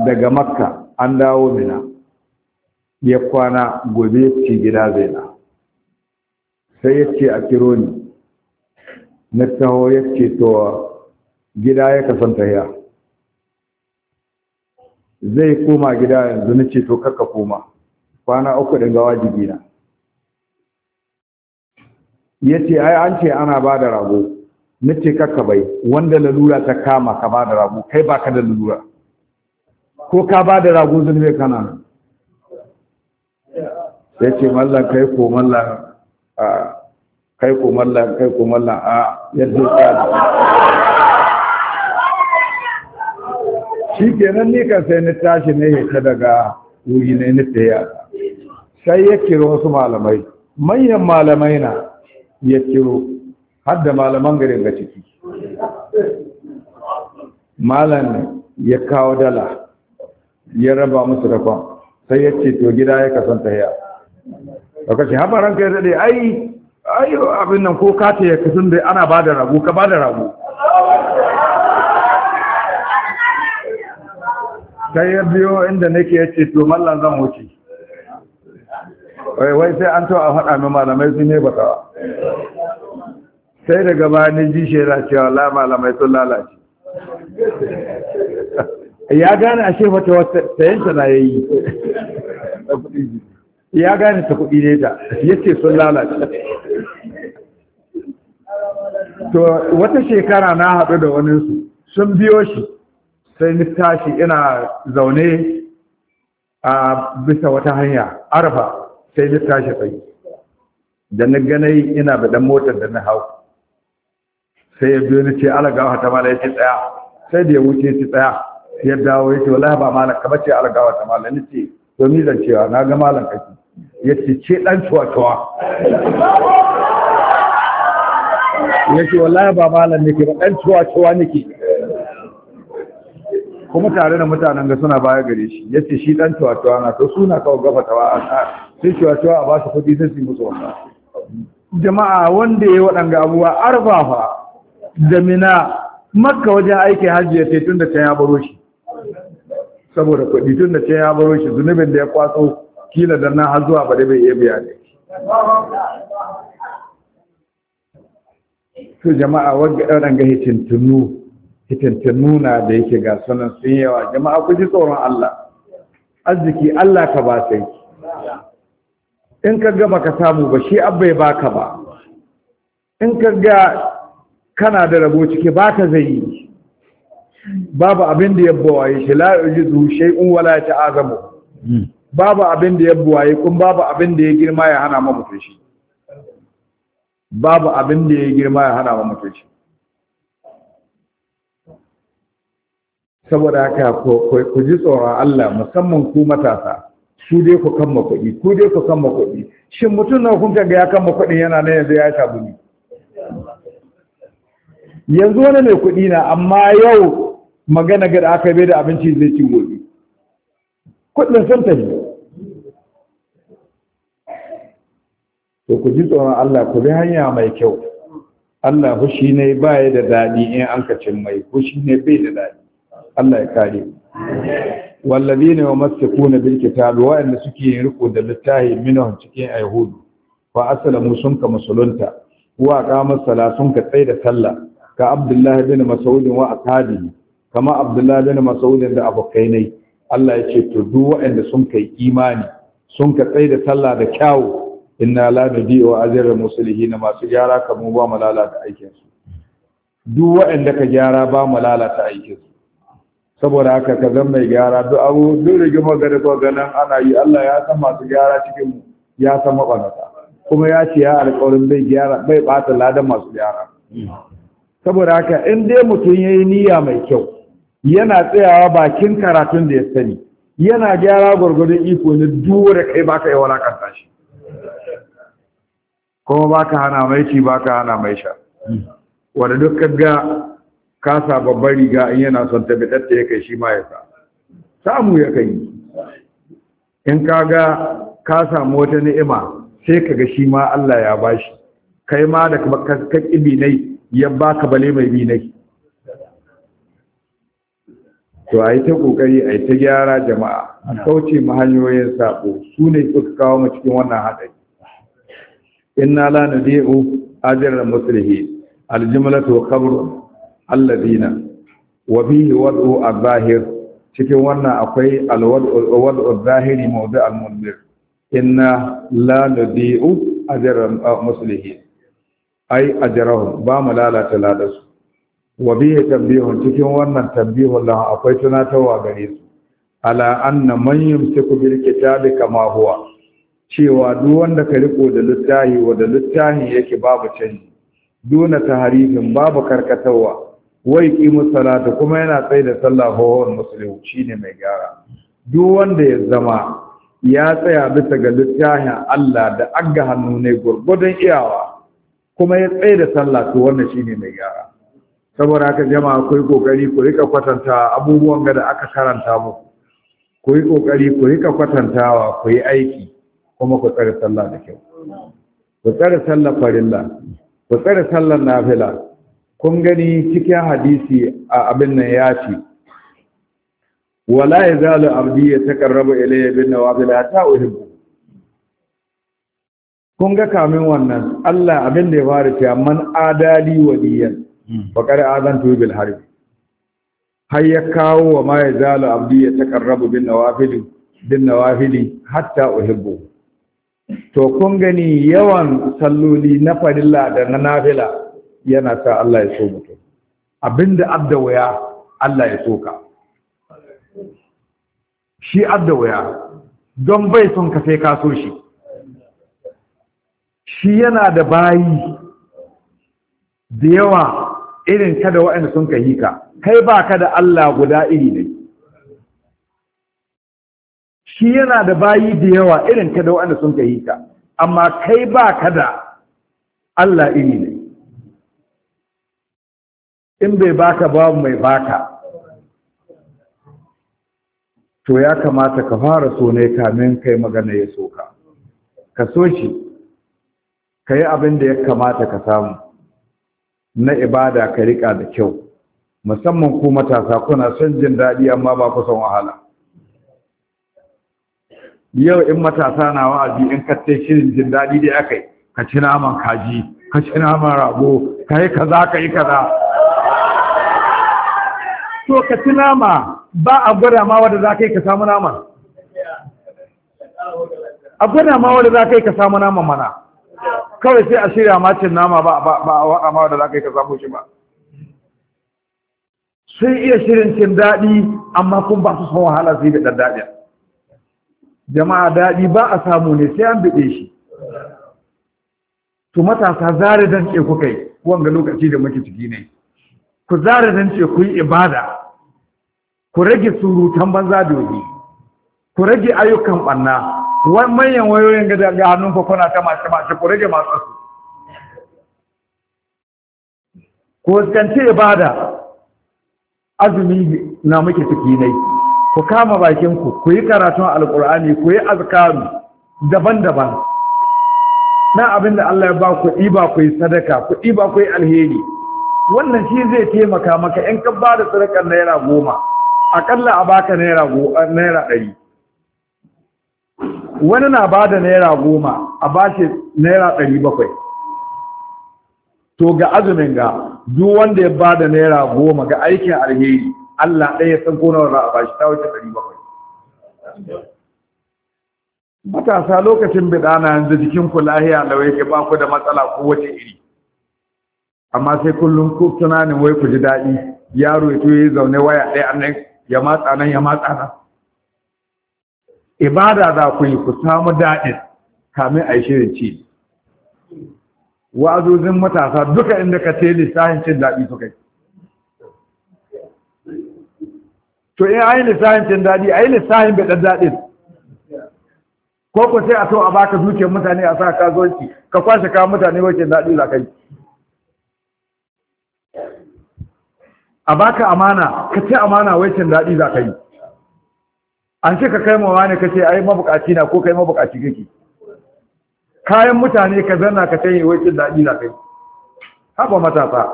daga makka an dawo mina ya kwana gobe ci gida na sai ya ce a kiro ni na taho ya ce to gida ya kasanta ya zai koma gida yanzu na ce to kakka koma kwana uku daga wajibi na ya ce ai an ce ana ba da rago na ce kakka bai wanda lalura ta kama ka ba da rago kai ba ka da lalura ko ka ba da rago zunubi kana ya ce mallan kai ko mallan a kai ko mallan kai ko mallan a yadda ya shi kenan ni kan sai na tashi ne ya ta daga wuri ne na ta sai ya kira wasu malamai manyan malamai na ya ciro har da malaman garin ga ciki malam ya kawo dala ya raba musu da kwan sai ya ce to gida ya kasanta ya lokaci haɓar ranka ya zaɗe ai ayo abin nan ko kata ya kasu da ana ba da ragu ka ba da ragu sai ya biyo inda nake ya ce to mallan zan wuce Eh, wai sai an to a faɗa mai malamai sun ne batawa sai daga ba ni ji shi cewa la malamai sun lalace ya gane a shefa ta wata sayanta na yayi ya gane ta kuɗi ne ta yace sun lalace to wata shekara na haɗu da wani su sun biyo shi sai ni tashi ina zaune a bisa wata hanya arfa sai na tashi tsaye da na ganai ina ba dan motar da na hau sai ya biyo ni ce alagawa ta mala yake tsaya sai da ya wuce ci tsaya ya dawo ya ce wallahi ba malam ka bace alagawa ta mala ni ce ni zan cewa na ga malam kake ya ce ce dan cuwa-cuwa ya ce wallahi ba malam nake ba dan cuwa-cuwa nake kuma tare da mutanen ga suna baya gare shi yace shi dan tuwatuwa na to suna kawo gaba tawa a sai tuwatuwa a ba su kudi sai su musu wasa jama'a wanda ya waɗanga abuwa arfafa da mina makka wajen aiki hajji ya ce tun da can ya baro shi saboda kuɗi tun da can ya baro shi zunubin da ya kwaso kila da nan har zuwa ba da bai iya biya ne to jama'a wanda ɗan hitintin nuna da yake ga sunan sun yawa jama'a ku ji tsoron Allah arziki Allah ka ba sai in ka ga baka samu ba shi abba ya baka ba in ka ga kana da rabo cike baka zai yi babu abin da yabba waye shi la yujizu shay'un wala ta'azamu hmm. babu abin da yabba waye kun babu abin da ya girma ya hana ma mutunci babu abin da ya girma ya hana ma mutunci saboda haka ku ji tsoron Allah musamman ku matasa su dai ku kama kuɗi ku dai ku kama kuɗi shin mutum na kun kaga ya kama kuɗin yana nan yanzu ya shabu ne yanzu wani mai kuɗi na amma yau magana gada aka bai da abinci zai ci gobe kuɗin sun tafi to ku ji tsoron Allah ku bi hanya mai kyau Allah hushi ne ba da daɗi in an kacin mai hushi ne bai da daɗi Allah ya kare wallazina yumsikuna bil ta wa inda suke riko da littahi minhum cikin yahudu fa aslamu sun ka musulunta wa qamat sun ka tsaye da sallah ka abdullahi bin mas'ud wa ashabi kama abdullahi bin mas'ud da abokai ne Allah ya ce to duk waɗanda sun kai imani sun ka tsaye da sallah da kyawu inna la nadi'u ajra na masu gyara kamu ba malala da aikinsu duk waɗanda ka gyara ba malala ta aikinsu saboda haka ka zan mai gyara duk abu duk rigima gari ko ganin ana yi Allah ya san masu gyara cikin mu ya san mabanata kuma ya ce ya alƙawarin bai gyara bai bata ladan masu gyara saboda haka in dai mutum ya yi niyya mai kyau yana tsayawa bakin karatun da ya sani yana gyara gwargwadon iko ne da kai baka yi walakanta shi kuma baka hana mai ci baka hana mai sha wanda duk ga ka sa babbar riga in yana son tabbatar ta kai shi ma ya sa samu ya kai in ka ga ka samu wata ni'ima sai ka ga shi ma Allah ya bashi kai ma da ka kibi ne ya baka bale mai bi ne to a yi ta kokari a yi ta gyara jama'a a kauce mu hanyoyin sabo su ne suka kawo mu cikin wannan haɗari inna la nadi'u ajral muslihin aljumlatu khabrun alladina wa bihi wad'u az-zahir cikin wannan akwai al-wad'u az-zahiri mawdu' al-mudbir inna la nudi'u ajra muslihin ai ajrahum ba mu lalata ladasu wa bihi tanbihun cikin wannan tanbihun la akwai tunatarwa gare su ala anna man yumsiku bil kitabi kama huwa cewa duk wanda ka riko da littahi wa da littahi yake babu canji duna ta harifin babu karkatawa wai musala da kuma yana tsaye da sallah musulmi shi ne mai gyara duk wanda ya zama ya tsaya bisa ga littafin Allah da agga hannu ne gurgudun iyawa kuma ya tsaye da sallah to wannan ne mai gyara saboda haka jama'a ku yi kokari ku rika kwatanta abubuwan da aka karanta muku ku yi kokari ku rika kwatantawa ku yi aiki kuma ku tsare sallah da kyau ku tsare sallah farilla ku tsare sallar nafila kun gani cikin hadisi a abin nan ya ce wala yazalu abdi yataqarrabu ilayya bin nawafil hatta uhibbu kun ga kamin wannan Allah abin da ya fara cewa man adali waliyan wa qad azantu bil harb har ya kawo wa ma yazalu abdi yataqarrabu bin nawafil bin nawafili hatta uhibbu to kun gani yawan salloli na farilla da na nafila yana sa Allah ya so mutum abinda adda waya Allah ya soka shi adda waya don bai son ka sai ka so shi shi yana da bayi da yawa irin kada waɗanda sun ka hika kai ba ka da Allah guda iri ne shi yana da bayi da yawa irin kada waɗanda sun ka hika amma kai ba ka da Allah iri ne in bai baka babu mai baka to ya kamata ka fara so ne kamin kai magana ya soka ka so shi ka yi abin da ya kamata ka samu na ibada ka rika da kyau musamman ku matasa kuna son jin daɗi amma ba ku son wahala yau in matasa na wa'azi in ka ce shirin jin daɗi dai aka ka ci naman kaji ka ci naman rago ka yi kaza ka yi kaza so ka ci nama ba a gwada ma wadda za ka yi ka samu nama a gwada ma wadda za ka yi ka samu nama mana kawai sai a shirya macin nama ba a waɗa ma wadda za ka yi ka samu shi ba sun iya shirin cin daɗi amma kun ba su son wahala su yi da ɗan daɗin jama'a daɗi ba a samu ne sai an biɗe shi to matasa zare dan ke kuka yi wanga lokaci da muke ciki ne ku zara zan ce ku yi ibada ku rage surutan banza dobi ku rage ayyukan ɓanna manyan wayoyin ga daga hannun kuna ta mace mace ku rage masu su ku wasu ibada azumi na muke ciki ne ku kama bakinku ku yi karatun alkur'ani ku yi azkaru daban-daban na abin da Allah ya ba ku ɗiba ku yi sadaka ku ɗiba ku yi alheri wannan shi zai taimaka maka in ka ba da sadakar naira goma akalla a baka naira naira ɗari wani na ba da naira goma a ba shi naira ɗari bakwai to ga azumin ga duk wanda ya ba da naira goma ga aikin alheri Allah ɗaya ya san ko nawa a ba shi ta wuce ɗari bakwai matasa lokacin bidana yanzu jikin ku lahiya da yake ba ku da matsala ko wace iri amma sai kullum ku tunanin wai ku ji daɗi yaro ya tuye zaune waya ɗaya nan ya matsa nan ya matsa nan ibada za ku yi ku samu daɗin kamin a yi shirin ci wa'azozin matasa duka inda ka ce lissafin cin daɗi su kai to in ayi lissafin cin daɗi ayi lissafin bai ɗan daɗin ko ku sai a so a baka zuciyar mutane a sa ka zo ki ka kwashe kawo mutane wajen daɗi za ka yi a baka amana ka ce amana wai can daɗi za ka yi an ce ka kai mawa ne ka ce ai mabukaci na ko kai mabukaci kake kayan mutane ka zanna ka ce wai can daɗi za ka yi haɓa matasa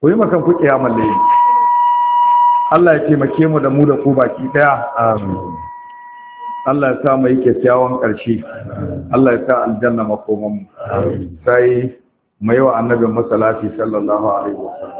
ku yi makan ku kiyamar mallaye. Allah ya taimake mu da mu da ku baki daya Allah ya sa mu yi kyakkyawan ƙarshe Allah ya sa aljanna makoman mu sai mai yi wa Annabi masallaci sallallahu alaihi wasallam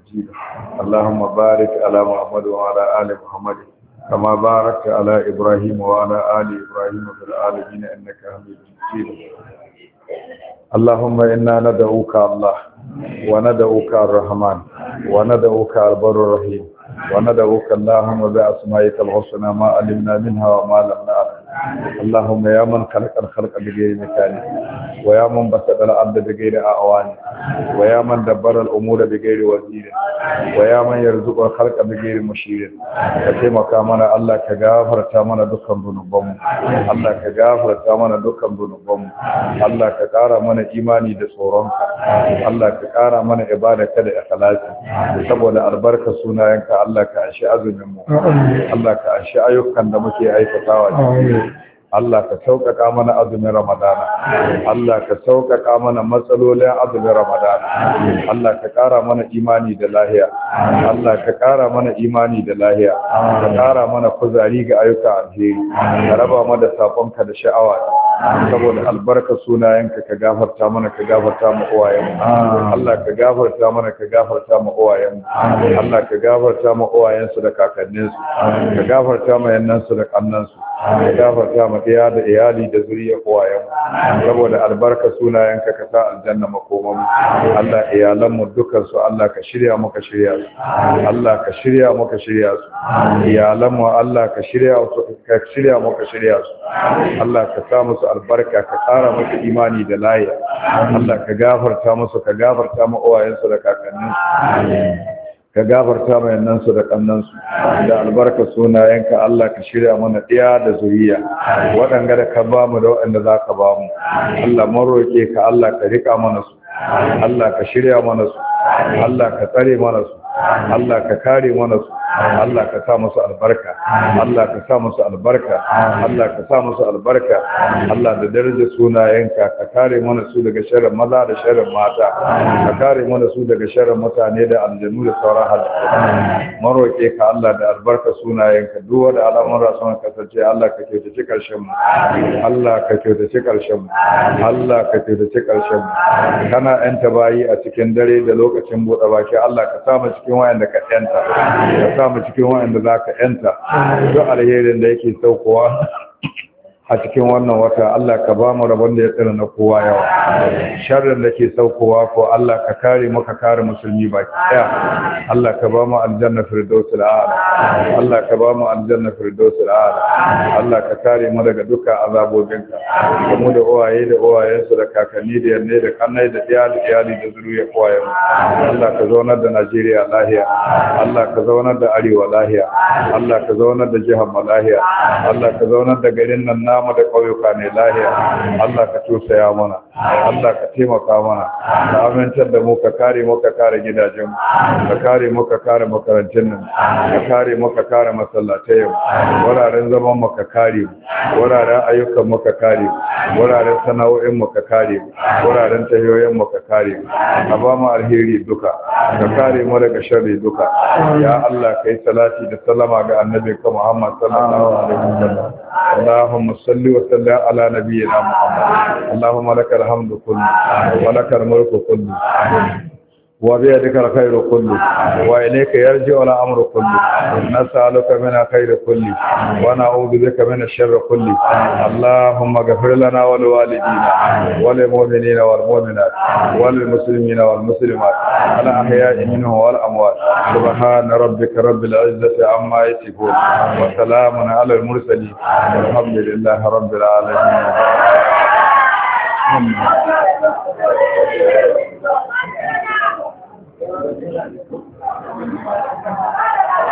مجيد اللهم بارك على محمد وعلى آل محمد كما باركت على إبراهيم وعلى آل إبراهيم في العالمين إنك حميد مجيد اللهم إنا ندعوك الله وندعوك الرحمن وندعوك البر الرحيم وندعوك اللهم بأسمائك الحسنى ما علمنا منها وما لم نعلم اللهم يا من خلق الخلق بغير مكان ويا من بسط الأرض بغير أعوان ويا من دبر الأمور بغير وزير ويا من يرزق الخلق بغير مشير كما كامنا الله كغافر تامنا دكان ذنوبهم الله كغافر تامنا دكان ذنوبهم الله كقارا من إيماني da tsoronka Allah ka ƙara mana ibada da ikhlasi saboda albarka sunayenka Allah ka ashi azumin mu Allah ka ashi ayyukan da muke aikatawa Allah ka sauƙaƙa mana azumin Ramadana Allah ka sauƙaƙa mana matsalolin azumin Ramadana Allah ka ƙara mana imani da lahiya Allah ka ƙara mana imani da lahiya ka ƙara mana kuzari ga ayyuka alheri ka raba mana da safonka da sha'awa saboda albarka sunayenka ka gafarta mana ka gafarta mu uwayen Allah ka gafarta mana ka gafarta mu uwayen Allah ka gafarta mu uwayen su da kakannin su ka gafarta mu yannan su da kannan su ka gafarta mu iya da iyali da zuriya uwayen saboda albarka sunayenka ka sa aljanna makoman Allah iyalan mu dukkan su Allah ka shirya mu ka shirya su Allah ka shirya mu ka shirya su iyalan mu Allah ka shirya ka shirya mu ka shirya su Allah ka sa musu albarka ka ƙara maka imani da layi. Allah ka gafarta musu ka gafarta ma uwayensu da kakanninsu ka gafarta ma su da su da albarka sunayenka Allah ka shirya mana ɗiya da zuriya waɗanda da ka ba mu da waɗanda za ka ba mu Allah mun roƙe ka Allah ka riƙa mana su Allah ka shirya mana su Allah ka tsare mana su Allah ka kare mana su Allah ka sa musu albarka Allah ka sa musu albarka Allah ka sa musu albarka Allah da daraja sunayenka ka kare mana su daga sharrin maza da sharrin mata ka kare mana su daga sharrin mutane da aljanu da sauran halittu maroke ka Allah da albarka sunayenka duk wanda al'amura sun kasance Allah ka kyautace karshen mu Allah ka kyautace karshen mu Allah ka kyautace karshen mu kana yanta bayi a cikin dare da lokacin buɗe baki Allah ka sa mu cikin wayanda ka yanta sa mu cikin wa'anda za ka yanta duk alherin da yake saukowa a cikin wannan wata Allah ka ba mu rabon da ya tsira na kowa yawa sharrin da ke saukowa ko Allah ka kare mu ka kare musulmi baki daya Allah ka ba mu aljanna firdausul a'la Allah ka ba mu aljanna firdausul a'la Allah ka kare mu daga dukkan azabobin ka mu da uwaye da su da kakanni da yanne da kannai da iyali iyali da zuriya uwayen Allah ka zaunar da Najeriya lahiya Allah ka zaunar da Arewa lahiya Allah ka zaunar da jihar mu lahiya Allah ka zaunar da garin nan na mu da ƙauyuka ne lahiya Allah ka tusaya mana Allah ka taimaka mana ka amintar da mu ka kare mu ka kare gidajen mu ka kare mu ka kare makarantun nan ka kare mu ka kare masallatai mu wuraren zaman mu ka kare mu wuraren ayyukan mu ka kare mu wuraren sana'o'in mu ka kare mu wuraren tahiyoyin mu ka kare mu ka ba mu alheri duka ka kare mu daga sharri duka ya Allah kai salati da salama ga annabi ka Muhammad sallallahu alaihi wasallam Allahumma وصل وسلم على نبينا محمد اللهم لك الحمد كله ولك الملك كله وبيدك الخير كله وإليك يرجع الأمر كله نسألك من الخير كله ونعوذ بك من الشر كله اللهم اغفر لنا ولوالدينا وللمؤمنين والمؤمنات وللمسلمين والمسلمات الأحياء منه والأموات سبحان ربك رب العزة عما يصفون وسلام على المرسلين والحمد لله رب العالمين Thank you. Thank you.